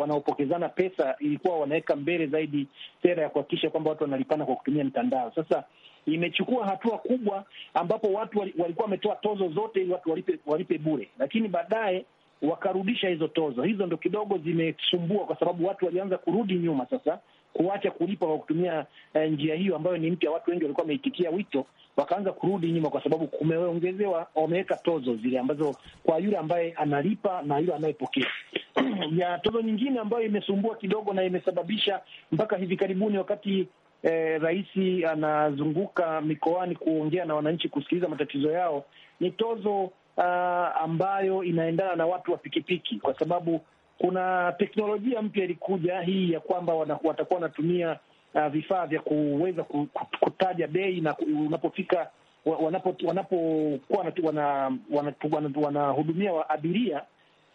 H: wanaopokezana pesa, ilikuwa wanaweka mbele zaidi sera ya kuhakikisha kwamba watu wanalipana kwa kutumia mtandao. Sasa imechukua hatua kubwa ambapo watu walikuwa wametoa tozo zote ili watu walipe, walipe bure, lakini baadaye wakarudisha hizo tozo. Hizo ndo kidogo zimesumbua, kwa sababu watu walianza kurudi nyuma sasa kuacha kulipa kwa kutumia eh, njia hiyo ambayo ni mpya. Watu wengi walikuwa wameitikia wito, wakaanza kurudi nyuma, kwa sababu kumeongezewa, wameweka tozo zile ambazo kwa yule ambaye analipa na yule anayepokea. ya tozo nyingine ambayo imesumbua kidogo na imesababisha mpaka hivi karibuni wakati eh, rais anazunguka mikoani kuongea na wananchi kusikiliza matatizo yao ni tozo Uh, ambayo inaendana na watu wa pikipiki kwa sababu kuna teknolojia mpya ilikuja hii ya kwamba watakuwa wanatumia uh, vifaa vya kuweza kutaja bei na unapofika wanapokuwa wana, wanahudumia abiria.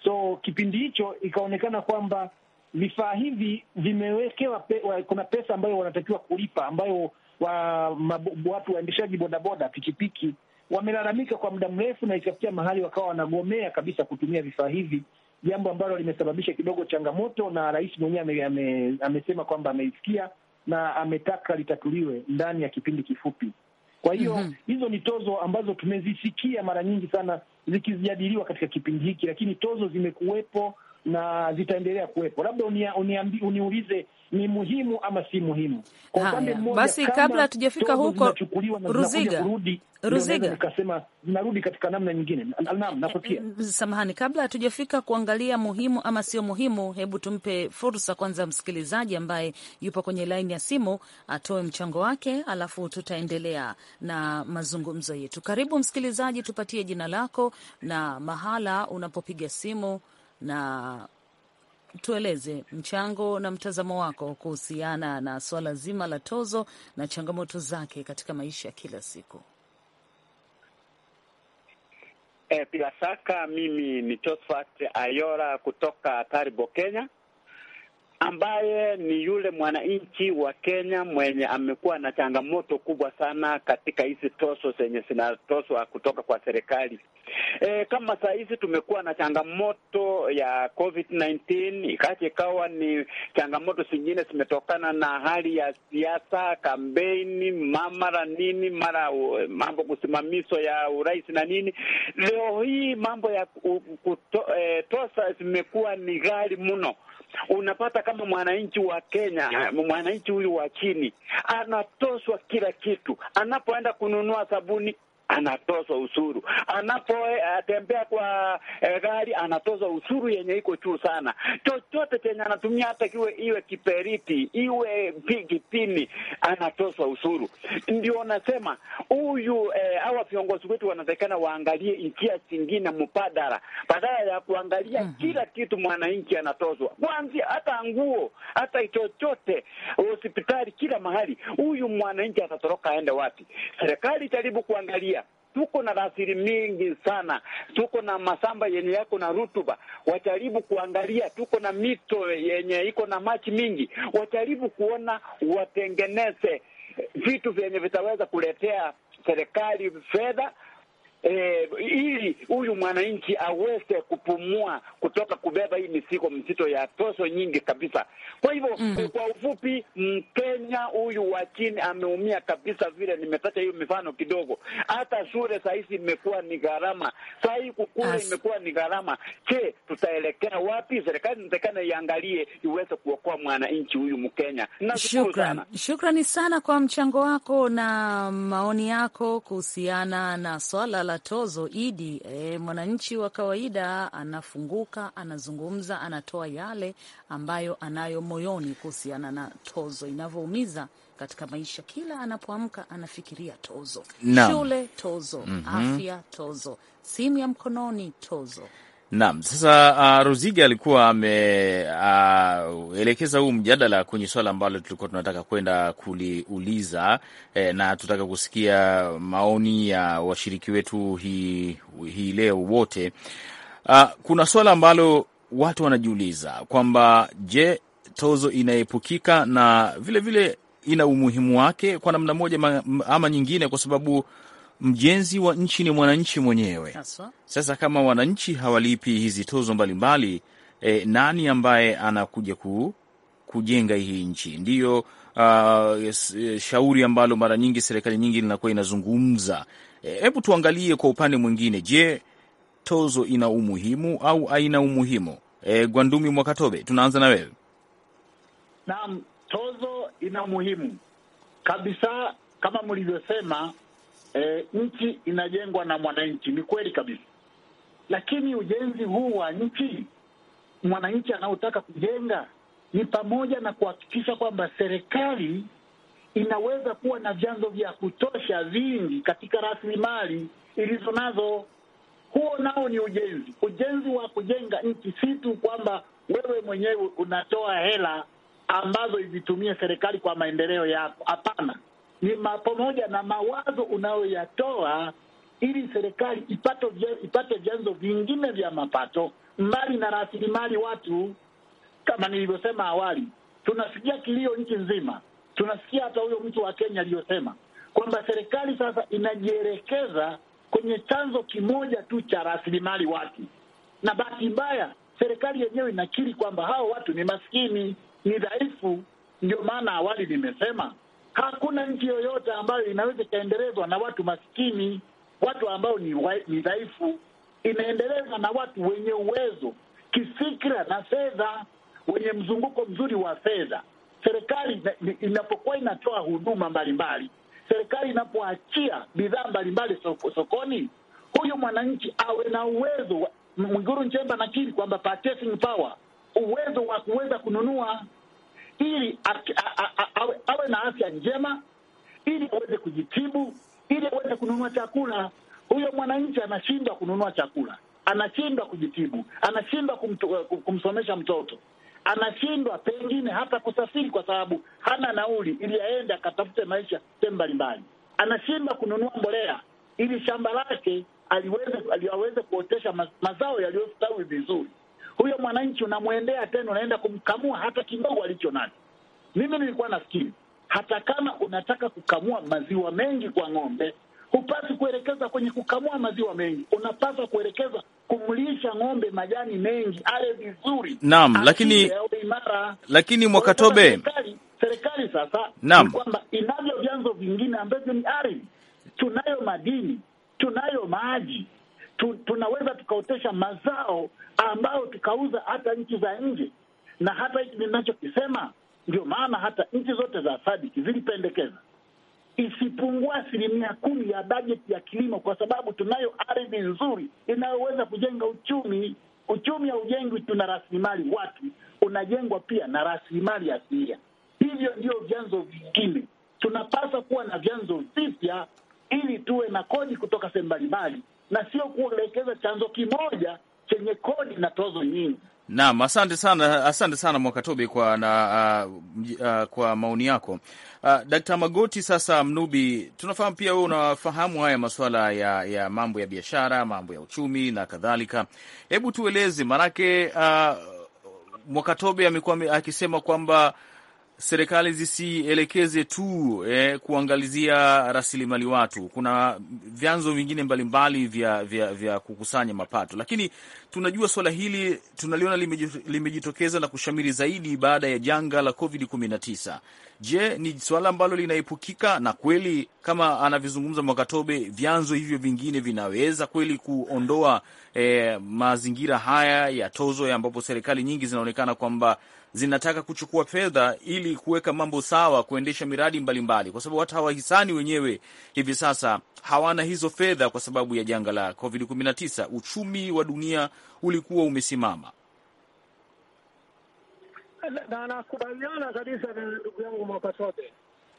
H: So kipindi hicho ikaonekana kwamba vifaa hivi vimewekewa pe, wa, kuna pesa ambayo wanatakiwa kulipa ambayo wa, mabu, watu waendeshaji bodaboda pikipiki wamelalamika kwa muda mrefu, na ikafikia mahali wakawa wanagomea kabisa kutumia vifaa hivi jambo ambalo limesababisha kidogo changamoto, na rais mwenyewe ame, amesema kwamba ameisikia na ametaka litatuliwe ndani ya kipindi kifupi. Kwa hiyo mm -hmm. hizo ni tozo ambazo tumezisikia mara nyingi sana zikijadiliwa katika kipindi hiki, lakini tozo zimekuwepo na zitaendelea kuwepo. Labda uniambi, uniulize ni muhimu ama si muhimu kwa upande mmoja. Basi kabla hatujafika huko, Ruziga kurudi, Ruziga nikasema narudi katika namna nyingine. Naam, nakusikia. Eh,
C: eh, samahani, kabla hatujafika kuangalia muhimu ama sio muhimu, hebu tumpe fursa kwanza msikilizaji ambaye yupo kwenye laini ya simu atoe mchango wake, alafu tutaendelea na mazungumzo yetu. Karibu msikilizaji, tupatie jina lako na mahala unapopiga simu na tueleze mchango na mtazamo wako kuhusiana na suala zima la tozo na changamoto zake katika maisha ya kila siku.
A: E, bila shaka mimi ni Josephat Ayora kutoka Taribo, Kenya ambaye ni yule mwananchi wa Kenya mwenye amekuwa na changamoto kubwa sana katika hizi tozo zenye zinatozwa kutoka kwa serikali. E, kama saa hizi tumekuwa na changamoto ya COVID-19, ikaja ikawa ni changamoto zingine zimetokana na hali ya siasa, kampeni, mara nini, mara mambo kusimamiso ya urais na nini. Leo hii mambo ya kuto, e, tosa zimekuwa ni ghali mno unapata kama mwananchi wa Kenya, mwananchi huyu wa chini anatoshwa kila kitu, anapoenda kununua sabuni anatoza ushuru anapotembea eh, kwa e, gari anatoza ushuru yenye iko juu sana. Chochote chenye anatumia hata kiwe iwe kiperiti iwe pikipini anatoza ushuru. Ndio nasema huyu e, eh, awa viongozi wetu wanatakikana waangalie njia zingine mbadala, badala ya kuangalia mm -hmm. kila kitu mwananchi anatozwa, kwanzia, hata nguo, hata chochote, hospitali, kila mahali. Huyu mwananchi atatoroka aende wapi? Serikali jaribu kuangalia tuko na rasili mingi sana, tuko na masamba yenye yako na rutuba, wajaribu kuangalia. Tuko na mito yenye iko na maji mingi, wajaribu kuona watengeneze vitu vyenye vitaweza kuletea serikali fedha eh, ili huyu mwananchi aweze kupumua kutoka kubeba hii misiko mzito ya toso nyingi kabisa. Kwa hivyo mm -hmm. Kwa ufupi, Mkenya huyu wa chini ameumia kabisa, vile nimetaja hiyo mifano kidogo. Hata shule sahizi imekuwa ni gharama, saa hii kukula imekuwa ni gharama. Je, tutaelekea wapi? Serikali inatakana iangalie iweze kuokoa mwananchi huyu
C: Mkenya. Nashukuru sana, shukrani sana kwa mchango wako na maoni yako kuhusiana na swala la tozo idi, e, mwananchi wa kawaida anafunguka, anazungumza, anatoa yale ambayo anayo moyoni kuhusiana na tozo inavyoumiza katika maisha. Kila anapoamka anafikiria tozo no. Shule tozo, mm -hmm. afya tozo, simu ya mkononi tozo
D: Naam, sasa uh, Ruziga alikuwa ameelekeza uh, huu mjadala kwenye swala ambalo tulikuwa tunataka kwenda kuliuliza eh, na tutaka kusikia maoni ya washiriki wetu hii hi leo wote. Uh, kuna swala ambalo watu wanajiuliza kwamba je, tozo inaepukika na vilevile vile ina umuhimu wake kwa namna moja ama nyingine, kwa sababu Mjenzi wa nchi ni mwananchi mwenyewe. Sasa kama wananchi hawalipi hizi tozo mbalimbali mbali, eh, e, nani ambaye anakuja ku, kujenga hii nchi? Ndiyo uh, shauri ambalo mara nyingi serikali nyingi linakuwa inazungumza. Eh, hebu e, tuangalie kwa upande mwingine. Je, tozo ina umuhimu au haina umuhimu? E, Gwandumi Mwakatobe, tunaanza na wewe. Naam,
E: tozo ina umuhimu kabisa, kama mlivyosema e, nchi inajengwa na mwananchi, ni kweli kabisa, lakini ujenzi huu wa nchi mwananchi anaotaka kujenga ni pamoja na kuhakikisha kwamba serikali inaweza kuwa na vyanzo vya kutosha vingi katika rasilimali ilizo nazo. Huo nao ni ujenzi. Ujenzi wa kujenga nchi si tu kwamba wewe mwenyewe unatoa hela ambazo izitumie serikali kwa maendeleo yako. Hapana, ni pamoja na mawazo unayoyatoa ili serikali ipate ipate vyanzo vingine vya mapato mbali na rasilimali watu. Kama nilivyosema awali, tunasikia kilio nchi nzima, tunasikia hata huyo mtu wa Kenya aliyosema kwamba serikali sasa inajielekeza kwenye chanzo kimoja tu cha rasilimali watu, na bahati mbaya serikali yenyewe inakiri kwamba hao watu ni maskini, ni dhaifu. Ndio maana awali nimesema Hakuna nchi yoyote ambayo inaweza ikaendelezwa na watu maskini, watu ambao ni, ni dhaifu. Inaendelezwa na watu wenye uwezo kifikira na fedha, wenye mzunguko mzuri wa fedha. Serikali inapokuwa inatoa huduma mbalimbali, serikali inapoachia bidhaa mbalimbali sokoni, huyu mwananchi awe na uwezo. Mwiguru Nchemba nakiri kwamba purchasing power, uwezo wa kuweza kununua ili awe, awe na afya njema, ili aweze kujitibu, ili aweze kununua chakula. Huyo mwananchi anashindwa kununua chakula, anashindwa kujitibu, anashindwa eh, kumsomesha mtoto, anashindwa pengine hata kusafiri kwa sababu hana nauli, ili aende akatafute maisha sehemu mbalimbali, anashindwa kununua mbolea ili shamba lake aliweze aliweze kuotesha mazao yaliyostawi vizuri huyo mwananchi unamwendea tena, unaenda kumkamua hata kidogo alicho nani Mimi nilikuwa nafikiri hata kama unataka kukamua maziwa mengi kwa ng'ombe, hupaswi kuelekeza kwenye kukamua maziwa mengi, unapaswa kuelekeza kumlisha ng'ombe majani mengi, ale vizuri.
D: Naam, lakini lakini Mwakatobe,
E: serikali sasa
D: ni kwamba
E: inavyo vyanzo vingine ambavyo ni ardhi, tunayo madini, tunayo maji tu, tunaweza tukaotesha mazao ambayo tukauza hata nchi za nje, na hata hiki ninachokisema ndio maana hata nchi zote za sadiki zilipendekeza isipungua asilimia kumi ya bajeti ya kilimo, kwa sababu tunayo ardhi nzuri inayoweza kujenga uchumi. Uchumi haujengwi tu na rasilimali watu, unajengwa pia na rasilimali asilia. Hivyo ndio vyanzo vingine. Tunapaswa kuwa na vyanzo vipya ili tuwe na kodi kutoka sehemu mbalimbali na sio kuelekeza chanzo kimoja chenye kodi na tozo nyingi.
D: Naam, asante sana, asante sana Mwakatobe kwa na, uh, uh, kwa maoni yako uh, Dkt. Magoti. Sasa Mnubi, tunafahamu pia wewe unafahamu haya masuala ya, ya mambo ya biashara, mambo ya uchumi na kadhalika. Hebu tueleze maanake, uh, Mwakatobe amekuwa akisema kwamba serikali zisielekeze tu eh, kuangalizia rasilimali watu. Kuna vyanzo vingine mbalimbali vya, vya, vya kukusanya mapato, lakini tunajua suala hili tunaliona limejitokeza na kushamiri zaidi baada ya janga la COVID-19. Je, ni suala ambalo linaepukika? Na kweli kama anavyozungumza Mwakatobe, vyanzo hivyo vingine vinaweza kweli kuondoa eh, mazingira haya ya tozo, ambapo serikali nyingi zinaonekana kwamba zinataka kuchukua fedha ili kuweka mambo sawa, kuendesha miradi mbalimbali mbali. Kwa sababu hata wahisani wenyewe hivi sasa hawana hizo fedha kwa sababu ya janga la Covid 19. Uchumi wa dunia ulikuwa umesimama
B: na nakubaliana kabisa na ndugu yangu Mwakasote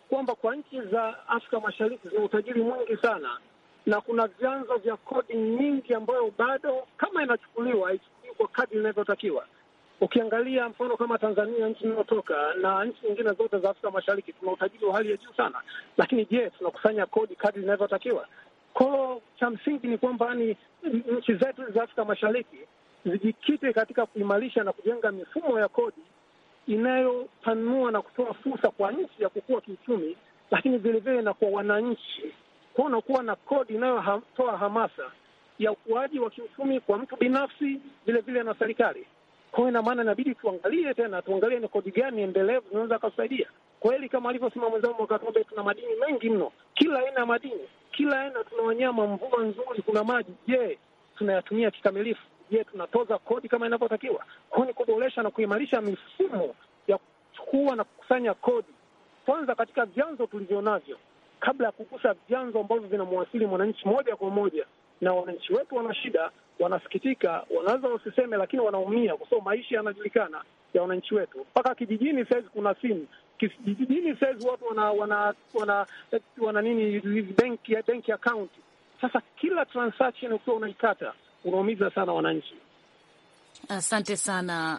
B: kwamba kwa nchi za Afrika Mashariki zina utajiri mwingi sana, na kuna vyanzo vya kodi nyingi ambayo bado kama inachukuliwa haichukuliwi kwa kadri inavyotakiwa. Ukiangalia mfano kama Tanzania, nchi inayotoka na nchi nyingine zote za Afrika Mashariki, tuna utajiri wa hali ya juu sana, lakini je, tunakusanya kodi kadri inavyotakiwa? Koo cha msingi ni kwamba ni nchi zetu za Afrika Mashariki zijikite katika kuimarisha na kujenga mifumo ya kodi inayopanua na kutoa fursa kwa nchi ya kukua kiuchumi, lakini vilevile na kwa wananchi kuwa unakuwa na kodi inayotoa hamasa ya ukuaji wa kiuchumi kwa mtu binafsi, vilevile na serikali. Kwa hiyo ina maana inabidi tuangalie tena, tuangalie ni kodi gani endelevu zinaweza kusaidia kweli, kama alivyosema mwenzangu Mwakatobe, tuna madini mengi mno, kila aina ya madini, kila aina. Tuna wanyama, mvua nzuri, kuna maji. Je, tunayatumia kikamilifu? Je, tunatoza kodi kama inavyotakiwa? Kwao ni kuboresha na kuimarisha mifumo ya kuchukua na kukusanya kodi, kwanza katika vyanzo tulivyonavyo, kabla ya kugusa vyanzo ambavyo vinamwasili mwananchi moja kwa moja, na wananchi wetu wana shida wanasikitika, wanaweza wasiseme, lakini wanaumia, kwa sababu maisha yanajulikana ya wananchi wetu. Mpaka kijijini sahizi kuna simu kijijini sahizi watu wana wana wana, wana nini benki benki account. Sasa kila transaction ukiwa unaikata unaumiza sana wananchi.
C: Asante sana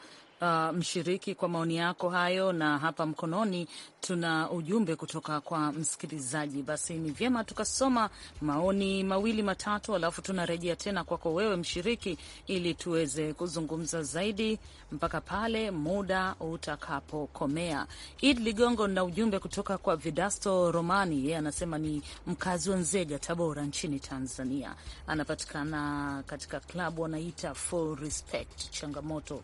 C: uh uh, mshiriki kwa maoni yako hayo, na hapa mkononi tuna ujumbe kutoka kwa msikilizaji. Basi ni vyema tukasoma maoni mawili matatu, alafu tunarejea tena kwako wewe mshiriki, ili tuweze kuzungumza zaidi mpaka pale muda utakapokomea. Id Ligongo na ujumbe kutoka kwa Vidasto Romani, yeye anasema ni mkazi wa Nzega, Tabora, nchini Tanzania, anapatikana katika klabu wanaita Full Respect changamoto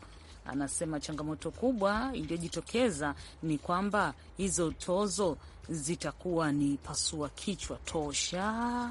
C: anasema changamoto kubwa iliyojitokeza ni kwamba hizo tozo zitakuwa ni pasua kichwa tosha.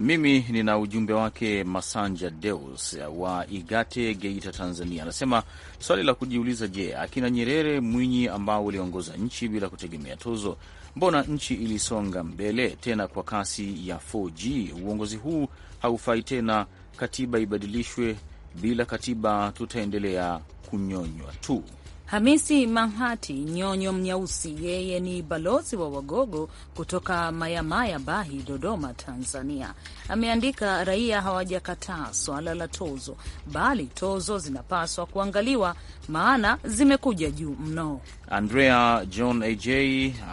D: Mimi nina ujumbe wake. Masanja Deus wa Igate, Geita, Tanzania, anasema swali la kujiuliza, je, akina Nyerere, Mwinyi ambao waliongoza nchi bila kutegemea tozo, mbona nchi ilisonga mbele tena kwa kasi ya 4G? Uongozi huu haufai tena, katiba ibadilishwe bila katiba tutaendelea kunyonywa tu.
C: Hamisi Manhati Nyonyo Mnyausi, yeye ni balozi wa Wagogo kutoka Mayamaya Bahi, Dodoma, Tanzania, ameandika, raia hawajakataa swala la tozo, bali tozo zinapaswa kuangaliwa, maana zimekuja juu mno.
D: Andrea John AJ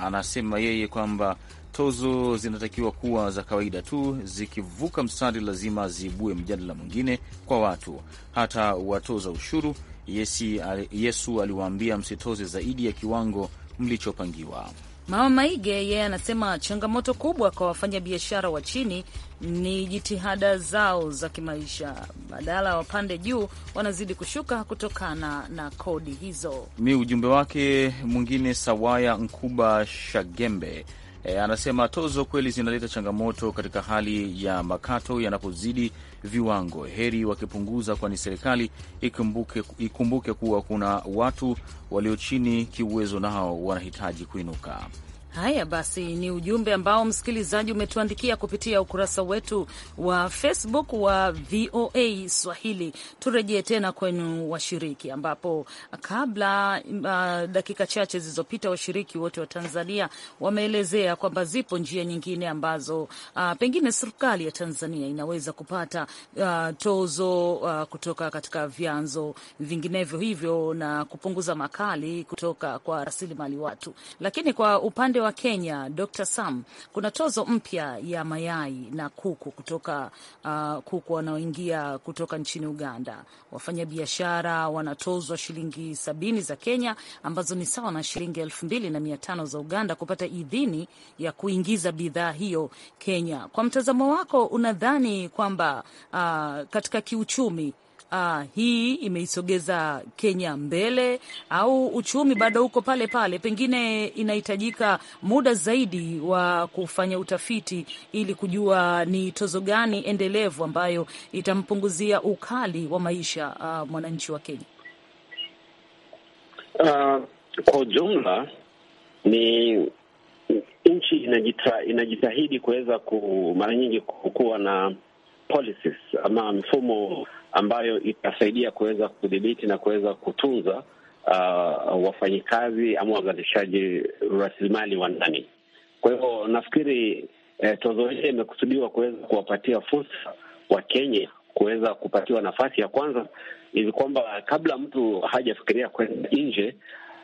D: anasema yeye kwamba tozo zinatakiwa kuwa za kawaida tu, zikivuka mstari lazima ziibue mjadala mwingine kwa watu, hata watoza ushuru. Yesi, Yesu aliwaambia msitoze zaidi ya kiwango mlichopangiwa.
C: Mama Maige yeye anasema changamoto kubwa kwa wafanyabiashara wa chini ni jitihada zao za kimaisha, badala wapande juu wanazidi kushuka kutokana na kodi hizo.
D: Ni ujumbe wake mwingine. Sawaya Nkuba Shagembe E, anasema tozo kweli zinaleta changamoto katika hali ya makato yanapozidi viwango. Heri wakipunguza, kwani serikali ikumbuke, ikumbuke kuwa kuna watu walio chini kiuwezo nao wanahitaji kuinuka.
C: Haya basi, ni ujumbe ambao msikilizaji umetuandikia kupitia ukurasa wetu wa Facebook wa VOA Swahili. Turejee tena kwenu washiriki, ambapo kabla uh, dakika chache zilizopita washiriki wote wa Tanzania wameelezea kwamba zipo njia nyingine ambazo uh, pengine serikali ya Tanzania inaweza kupata uh, tozo uh, kutoka katika vyanzo vinginevyo hivyo na kupunguza makali kutoka kwa rasilimali watu, lakini kwa upande wa wa Kenya Dr. Sam, kuna tozo mpya ya mayai na kuku kutoka uh, kuku wanaoingia kutoka nchini Uganda. Wafanyabiashara wanatozwa shilingi sabini za Kenya ambazo ni sawa na shilingi elfu mbili na mia tano za Uganda kupata idhini ya kuingiza bidhaa hiyo Kenya. Kwa mtazamo wako, unadhani kwamba uh, katika kiuchumi uh, hii imeisogeza Kenya mbele au uchumi bado uko pale pale? Pengine inahitajika muda zaidi wa kufanya utafiti ili kujua ni tozo gani endelevu ambayo itampunguzia ukali wa maisha uh, mwananchi wa Kenya.
F: Uh, kwa ujumla ni nchi inajita, inajitahidi kuweza mara nyingi kuwa na policies ama mfumo ambayo itasaidia kuweza kudhibiti na kuweza kutunza uh, wafanyikazi ama wazalishaji rasilimali wa ndani. Kwa hivyo nafikiri eh, tozo hii imekusudiwa kuweza kuwapatia fursa wa kenya kuweza kupatiwa nafasi ya kwanza, ili kwamba kabla mtu hajafikiria kwenda nje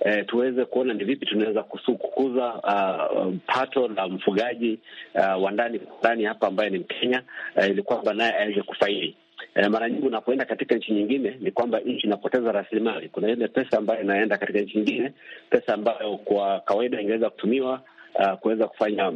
F: eh, tuweze kuona ni vipi tunaweza kukuza uh, pato la mfugaji uh, wa ndani ndani hapa ambaye ni Mkenya uh, ili kwamba naye aweze kufaidi E, mara nyingi unapoenda katika nchi nyingine ni kwamba nchi inapoteza rasilimali. Kuna ile pesa ambayo inaenda katika nchi nyingine, pesa ambayo kwa kawaida ingeweza kutumiwa uh, kuweza kufanya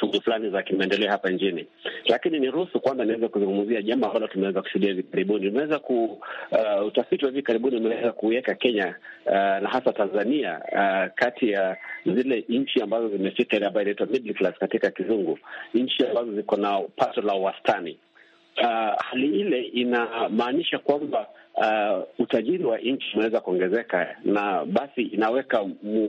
F: shughuli fulani za kimaendeleo hapa nchini. Lakini niruhusu kwanza niweze kuzungumzia jambo ambalo tumeweza kushuhudia hivi karibuni. Umeweza ku uh, utafiti wa hivi karibuni umeweza kuweka Kenya uh, na hasa Tanzania uh, kati ya zile nchi ambazo zimefika ile ambayo inaitwa middle class katika kizungu, nchi ambazo ziko na pato la wastani uh, hali ile inamaanisha kwamba uh, utajiri wa nchi unaweza kuongezeka na basi inaweka mu,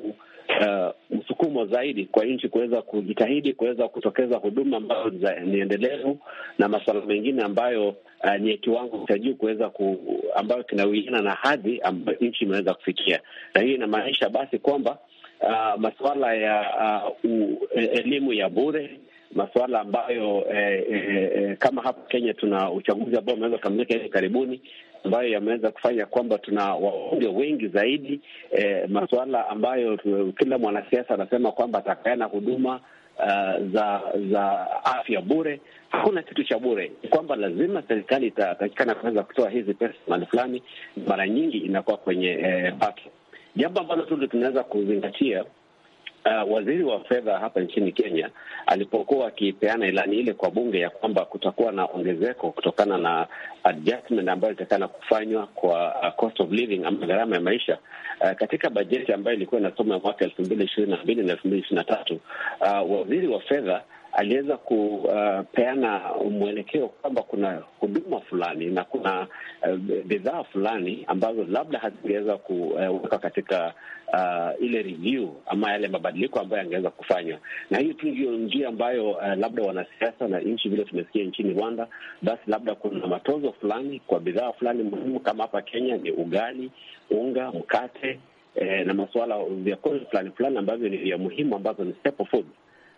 F: uh, msukumo zaidi kwa nchi kuweza kujitahidi kuweza kutokeza huduma ambazo ni endelevu na masuala mengine ambayo uh, ni ya kiwango cha juu kuweza ku, ambayo kinawiana na hadhi ambayo nchi imeweza kufikia, na hiyo inamaanisha basi kwamba uh, masuala ya uh, u, e, elimu ya bure masuala ambayo eh, eh, eh, kama hapa Kenya tuna uchaguzi ambao umeweza kukamilika hivi karibuni ambayo yameweza kufanya kwamba tuna wabunge wengi zaidi eh, masuala ambayo kila mwanasiasa anasema kwamba atakaana huduma Uh, za za afya bure. Hakuna kitu cha bure, ni kwamba lazima serikali itatakikana kuweza kutoa hizi pesa mahali fulani, mara nyingi inakuwa kwenye eh, pato. Jambo ambalo tu tunaweza kuzingatia Uh, waziri wa fedha hapa nchini Kenya alipokuwa akipeana ilani ile kwa bunge ya kwamba kutakuwa na ongezeko kutokana na adjustment ambayo ilitakana kufanywa kwa uh, cost of living ama gharama ya maisha uh, katika bajeti ambayo ilikuwa inasoma mwaka elfu mbili ishirini na mbili na elfu mbili ishirini na tatu uh, waziri wa fedha aliweza kupeana mwelekeo kwamba kuna huduma fulani na kuna uh, bidhaa fulani ambazo labda hazingeweza kuweka uh, katika uh, ile review ama yale mabadiliko ambayo yangeweza kufanywa, na hiyo tu ndio njia ambayo uh, labda wanasiasa na nchi vile tumesikia nchini Rwanda, basi labda kuna matozo fulani kwa bidhaa fulani muhimu, kama hapa Kenya ni ugali, unga, mkate eh, na masuala vyakula fulani fulani ambavyo ni vya muhimu, ambazo ni staple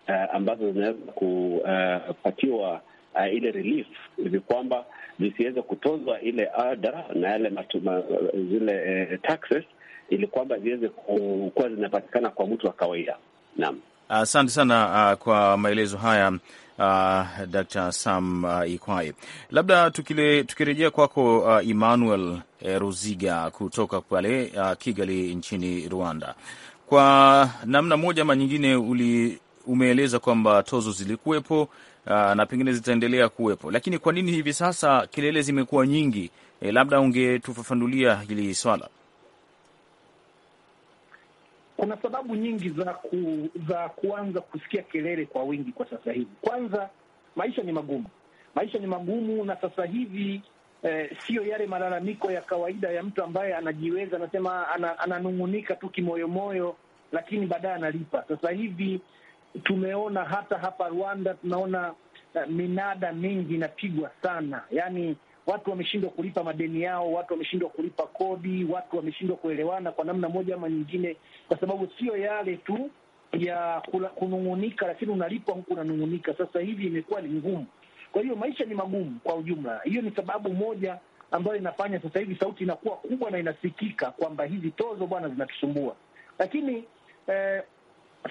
F: uh, ambazo zinaweza kupatiwa uh, uh, ile relief hivi kwamba zisiweze kutozwa ile ada na yale matuma, zile uh, taxes ili kwamba ziweze kuwa zinapatikana kwa mtu wa kawaida.
D: Naam. Asante uh, sana uh, kwa maelezo haya uh, Dr. Sam uh, Ikwai. Labda tukile, tukirejea kwako uh, Emmanuel eh, Ruziga kutoka pale uh, Kigali nchini Rwanda, kwa namna moja ama nyingine uli umeeleza kwamba tozo zilikuwepo ah, na pengine zitaendelea kuwepo, lakini kwa nini hivi sasa kelele zimekuwa nyingi? E, labda ungetufafanulia hili swala.
H: Kuna sababu nyingi za ku, za kuanza kusikia kelele kwa wingi kwa sasa hivi. Kwanza, maisha ni magumu, maisha ni magumu, na sasa hivi eh, siyo yale malalamiko ya kawaida ya mtu ambaye anajiweza, anasema ananung'unika tu kimoyomoyo, lakini baadaye analipa. Sasa hivi tumeona hata hapa Rwanda tunaona uh, minada mingi inapigwa sana, yaani watu wameshindwa kulipa madeni yao, watu wameshindwa kulipa kodi, watu wameshindwa kuelewana kwa namna moja ama nyingine, kwa sababu sio yale tu ya kunung'unika, lakini unalipwa huku unanung'unika. Sasa hivi imekuwa ni ngumu, kwa hiyo maisha ni magumu kwa ujumla. Hiyo ni sababu moja ambayo inafanya sasa hivi sauti inakuwa kubwa na inasikika kwamba hizi tozo bwana zinatusumbua, lakini eh,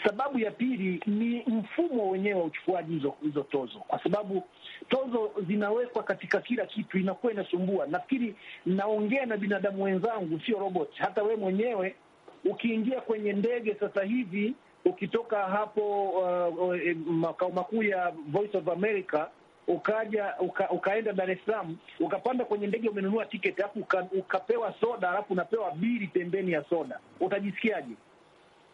H: Sababu ya pili ni mfumo wenyewe wa uchukuaji hizo hizo tozo, kwa sababu tozo zinawekwa katika kila kitu, inakuwa inasumbua. Nafikiri naongea na binadamu wenzangu, sio robot. Hata we mwenyewe ukiingia kwenye ndege sasa hivi ukitoka hapo uh, uh eh, makao makuu ya Voice of America ukaja uka, ukaenda Dar es Salaam ukapanda kwenye ndege, umenunua tiketi alafu uka, ukapewa soda alafu unapewa bili pembeni ya soda, utajisikiaje?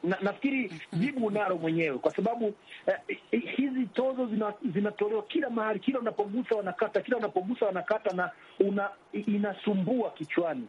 H: na, nafikiri jibu unalo mwenyewe kwa sababu eh, hizi tozo zina, zinatolewa kila mahali, kila unapogusa wanakata, kila unapogusa wanakata na una, inasumbua kichwani.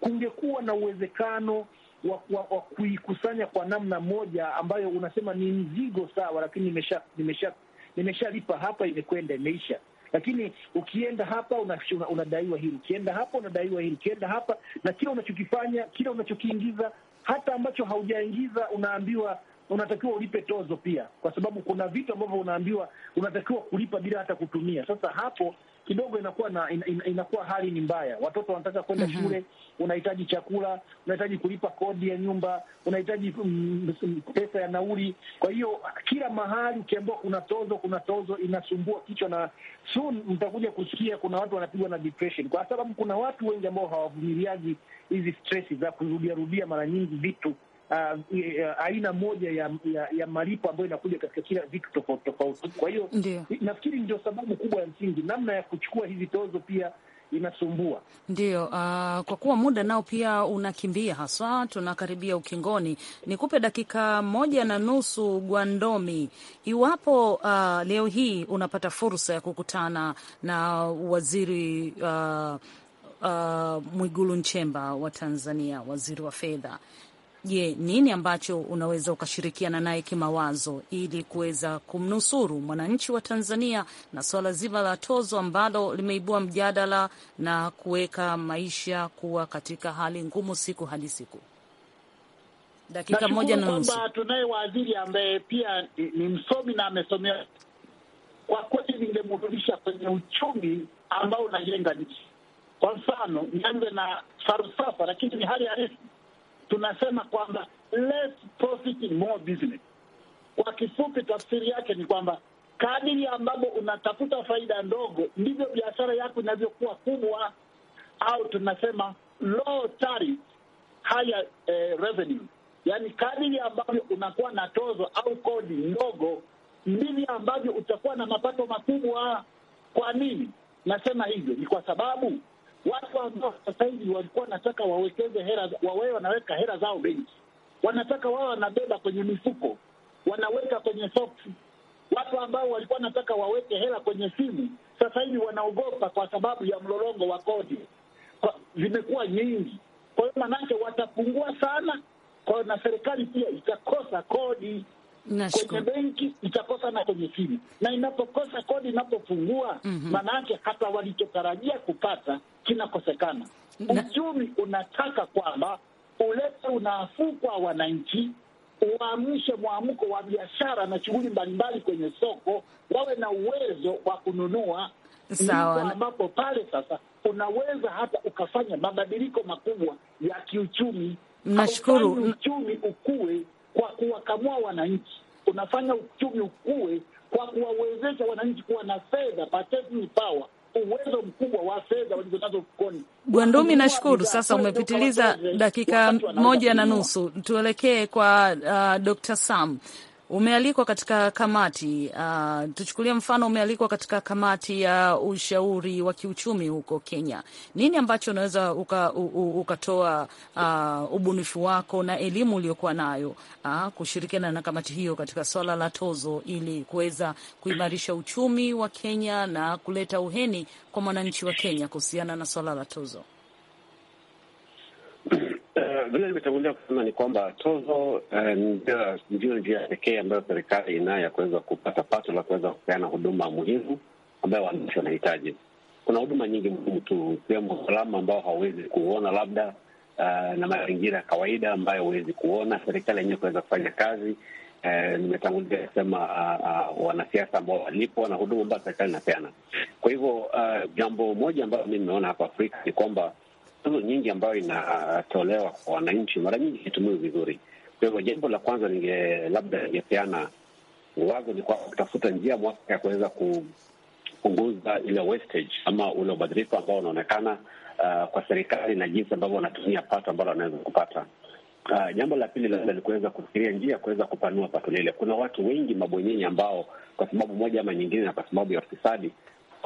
H: Kungekuwa na uwezekano wa, wa, wa kuikusanya kwa namna moja ambayo unasema ni mzigo sawa, lakini nimesha nimesha nimeshalipa hapa, imekwenda imeisha lakini ukienda hapa unadaiwa una hili, ukienda hapa unadaiwa hili, ukienda hapa na kila unachokifanya, kila unachokiingiza hata ambacho haujaingiza unaambiwa unatakiwa ulipe tozo pia, kwa sababu kuna vitu ambavyo unaambiwa unatakiwa kulipa bila hata kutumia. Sasa hapo kidogo inakuwa na in, in, inakuwa hali ni mbaya. Watoto wanataka kwenda mm -hmm. shule, unahitaji chakula, unahitaji kulipa kodi ya nyumba, unahitaji mm, mm, pesa ya nauli. Kwa hiyo kila mahali ukiambiwa kuna tozo, kuna tozo, inasumbua kichwa, na soon mtakuja kusikia kuna watu wanapigwa na depression, kwa sababu kuna watu wengi ambao hawavumiliaji hizi stress za kurudiarudia mara nyingi vitu Uh, uh, aina moja ya, ya, ya malipo ambayo inakuja katika kila vitu tofauti tofauti. Kwa hiyo nafikiri ndio sababu kubwa ya msingi, namna ya kuchukua hizi tozo pia inasumbua
C: ndio. Uh, kwa kuwa muda nao pia unakimbia, haswa tunakaribia ukingoni, nikupe dakika moja na nusu Gwandomi, iwapo uh, leo hii unapata fursa ya kukutana na waziri uh, uh, Mwigulu Nchemba wa Tanzania, waziri wa fedha Je, nini ambacho unaweza ukashirikiana naye kimawazo ili kuweza kumnusuru mwananchi wa Tanzania na suala zima la tozo ambalo limeibua mjadala na kuweka maisha kuwa katika hali ngumu siku hadi siku? Dakika moja na nusu.
E: Tunaye waziri ambaye pia ni msomi na amesomea kwa kweli, ningemrudisha kwenye uchumi ambao unajenga nchi. Kwa mfano, nianze na falsafa, lakini ni hali halisi tunasema kwamba less profit more business. Kwa kifupi, tafsiri yake ni kwamba kadiri ambapo unatafuta faida ndogo ndivyo biashara yako inavyokuwa kubwa, au tunasema low tariff higher eh, revenue. Yani kadiri ambavyo unakuwa na tozo au kodi ndogo ndivyo ambavyo utakuwa na mapato makubwa. Kwa nini nasema hivyo? Ni kwa sababu watu ambao sasa hivi walikuwa wanataka wawekeze hela, wawe wanaweka hela zao benki, wanataka wao wanabeba kwenye mifuko, wanaweka kwenye soksi. Watu ambao walikuwa wanataka waweke hela kwenye simu, sasa hivi wanaogopa kwa sababu ya mlolongo wa kodi, zimekuwa nyingi. Kwa hiyo manake watapungua sana, kwa na serikali pia itakosa kodi kwenye benki itakosa na kwenye simu, na inapokosa kodi inapofungua, mm -hmm. hata walichotarajia kupata kinakosekana. Uchumi unataka kwamba ulete unafuu kwa wananchi, uamshe mwamko wa biashara na shughuli mbalimbali kwenye soko, wawe na uwezo wa kununua Sawa, ambapo pale sasa unaweza hata ukafanya mabadiliko makubwa ya kiuchumi. Nashukuru uchumi ukue kwa kuwakamua wananchi, unafanya uchumi ukue kwa kuwawezesha wananchi kuwa na fedha, purchasing power, uwezo mkubwa wa fedha walizonazo mfukoni.
C: Gwandumi, nashukuru. Sasa umepitiliza dakika moja na nusu, tuelekee kwa uh, Dr. Sam umealikwa katika kamati uh, tuchukulie mfano umealikwa katika kamati ya ushauri wa kiuchumi huko Kenya. Nini ambacho unaweza ukatoa uh, ubunifu wako na elimu uliokuwa nayo uh, kushirikiana na kamati hiyo katika swala la tozo ili kuweza kuimarisha uchumi wa Kenya na kuleta uheni kwa mwananchi wa Kenya kuhusiana na swala la tozo?
F: Eh, vile nimetangulia kusema ni kwamba tozo eh, ndio njia pekee ambayo serikali inayo ya kuweza kupata pato la kuweza kupeana huduma muhimu ambayo wananchi wanahitaji. Kuna huduma nyingi muhimu tu, ikiwemo usalama ambao hauwezi kuona labda Uh, na mazingira ya kawaida ambayo huwezi kuona, serikali yenyewe kuweza kufanya kazi. Nimetangulia uh, kusema uh, uh, wanasiasa ambao walipo na huduma ambayo serikali inapeana. Kwa hivyo uh, jambo moja ambayo mi nimeona hapa Afrika ni kwamba tuzo nyingi ambayo inatolewa kwa wananchi mara nyingi hitumiwi vizuri. Kwa hivyo jambo la kwanza ninge labda ningepeana wazo ni kwamba kutafuta njia mwafaka ya kuweza kupunguza ile wastage ama ule ubadhirifu ambao unaonekana uh, kwa serikali na jinsi ambavyo wanatumia pato ambalo wanaweza kupata. Uh, jambo la pili labda ni kuweza kufikiria njia ya kuweza kupanua pato lile. Kuna watu wengi mabwenyenye ambao kwa sababu moja ama nyingine na kwa sababu ya ufisadi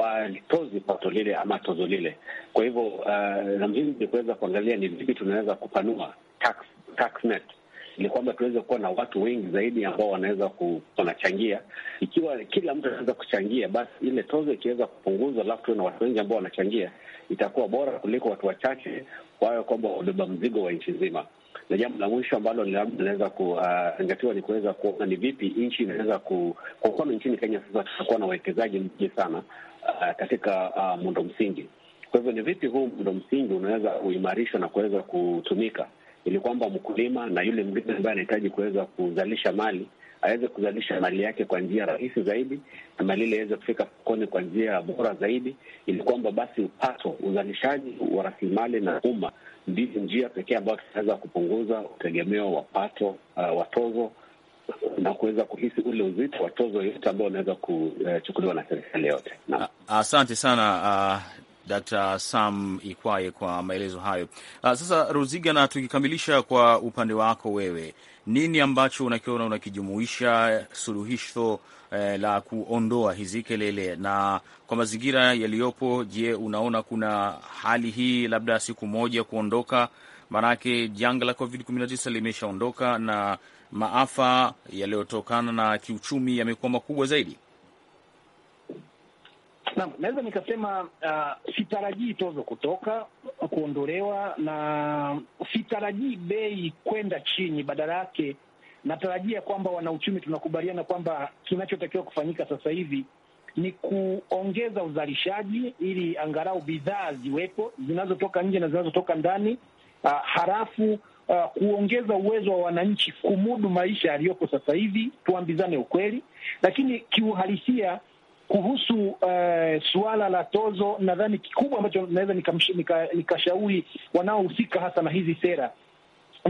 F: watozi pato lile ama tozo lile. Kwa hivyo uh, la muhimu ni kuweza kuangalia ni vipi tunaweza kupanua tax, tax net ili kwamba tuweze kuwa na watu wengi zaidi ambao wanaweza wanachangia. Ikiwa kila mtu anaweza kuchangia, basi ile tozo ikiweza kupunguzwa, alafu tuwe na watu wengi ambao wanachangia, itakuwa bora kuliko watu wachache wawe kwamba wabeba mzigo wa nchi nzima. Na jambo la mwisho ambalo linaweza kuzingatiwa uh, ni kuweza kuona ni vipi nchi inaweza ku, kwa mfano nchini Kenya sasa tutakuwa na uwekezaji mji sana uh, katika uh, muundo msingi. Kwa hivyo ni vipi huu muundo msingi unaweza kuimarishwa na kuweza kutumika ili kwamba mkulima na yule mlima ambaye anahitaji kuweza kuzalisha mali aweze kuzalisha mali yake kwa njia rahisi zaidi, na mali ile iweze kufika sokoni kwa njia bora zaidi, ili kwamba basi upato, uzalishaji wa rasilimali na umma ndizi njia pekee ambayo tunaweza kupunguza utegemeo wa pato uh, wa tozo na kuweza kuhisi ule uzito wa tozo yote ambao unaweza kuchukuliwa eh, na serikali yote.
D: Ah, asante sana uh... Dr. Sam Ikwaye kwa maelezo hayo. Uh, sasa Ruziga, na tukikamilisha kwa upande wako wewe, nini ambacho unakiona unakijumuisha suluhisho eh, la kuondoa hizi kelele na kwa mazingira yaliyopo? Je, unaona kuna hali hii labda siku moja kuondoka? Maanake janga la COVID-19 limeshaondoka na maafa yaliyotokana na kiuchumi yamekuwa makubwa zaidi?
H: Naam, naweza nikasema uh, sitarajii tozo kutoka kuondolewa, na sitarajii bei kwenda chini. Badala yake natarajia kwamba wanauchumi tunakubaliana kwamba kinachotakiwa kufanyika sasa hivi ni kuongeza uzalishaji ili angalau bidhaa ziwepo zinazotoka nje na zinazotoka ndani. Uh, harafu uh, kuongeza uwezo wa wananchi kumudu maisha yaliyoko sasa hivi, tuambizane ukweli, lakini kiuhalisia kuhusu uh, suala la tozo, nadhani kikubwa ambacho naweza nikashauri nika, wanaohusika hasa na hizi sera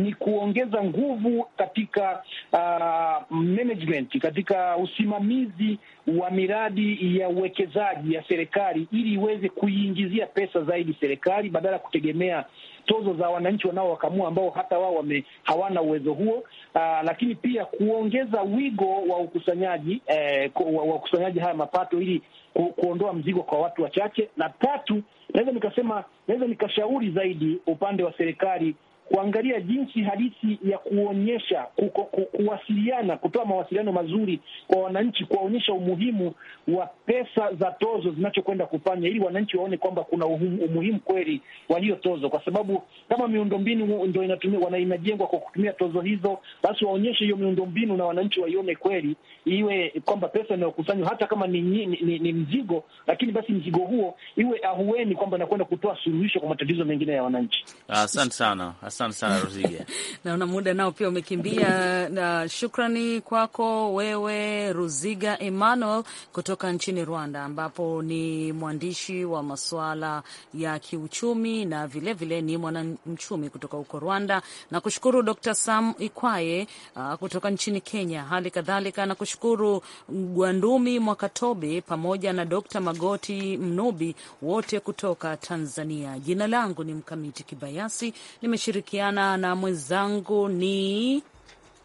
H: ni kuongeza nguvu katika uh, management, katika usimamizi wa miradi ya uwekezaji ya serikali ili iweze kuiingizia pesa zaidi serikali badala ya kutegemea tozo za wananchi wanaowakamua ambao hata wao wame, hawana uwezo huo Uh, lakini pia kuongeza wigo wa ukusanyaji eh, wa ukusanyaji haya mapato ili ku, kuondoa mzigo kwa watu wachache. Na tatu, naweza nikasema, naweza nikashauri zaidi upande wa serikali kuangalia jinsi halisi ya kuonyesha ku, ku, kuwasiliana kutoa mawasiliano mazuri kwa wananchi, kuwaonyesha umuhimu wa pesa za tozo zinachokwenda kufanya, ili wananchi waone kwamba kuna umuhimu kweli wa hiyo tozo, kwa sababu kama miundombinu ndo inatumia inajengwa kwa kutumia tozo hizo, basi waonyeshe hiyo miundombinu na wananchi waione kweli, iwe kwamba pesa inayokusanywa hata kama ni, ni, ni, ni mzigo, lakini basi mzigo huo iwe ahueni kwamba nakwenda kutoa suluhisho kwa matatizo mengine ya wananchi.
C: Asante sana. Asante sana Ruzige. Naona muda nao pia umekimbia, na shukrani kwako wewe Ruziga Emmanuel kutoka nchini Rwanda, ambapo ni mwandishi wa masuala ya kiuchumi na vilevile vile ni mwanamchumi kutoka huko Rwanda. Na kushukuru Dr. Sam Ikwaye uh, kutoka nchini Kenya. Hali kadhalika na kushukuru Gwandumi Mwakatobe pamoja na Dr. Magoti Mnubi wote kutoka Tanzania. Jina langu ni Mkamiti Kibayasi, nimeshiriki nimeshirikiana na mwenzangu ni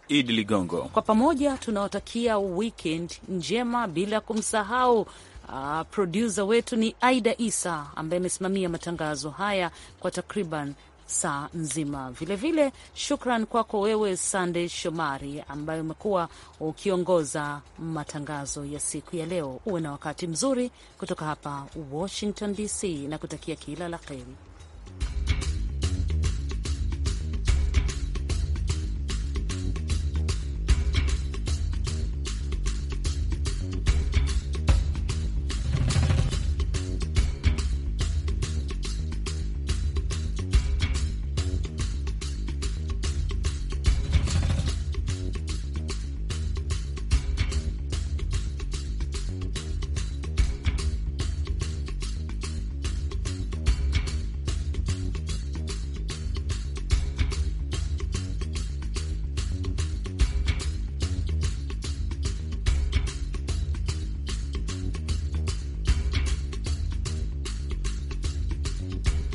D: Idi Ligongo.
C: Kwa pamoja tunawatakia weekend njema, bila kumsahau Uh, ah, produsa wetu ni Aida Isa ambaye amesimamia matangazo haya kwa takriban saa nzima. Vilevile vile, shukran kwako wewe Sande Shomari ambaye umekuwa ukiongoza matangazo ya siku ya leo. Uwe na wakati mzuri kutoka hapa Washington DC na kutakia kila la heri.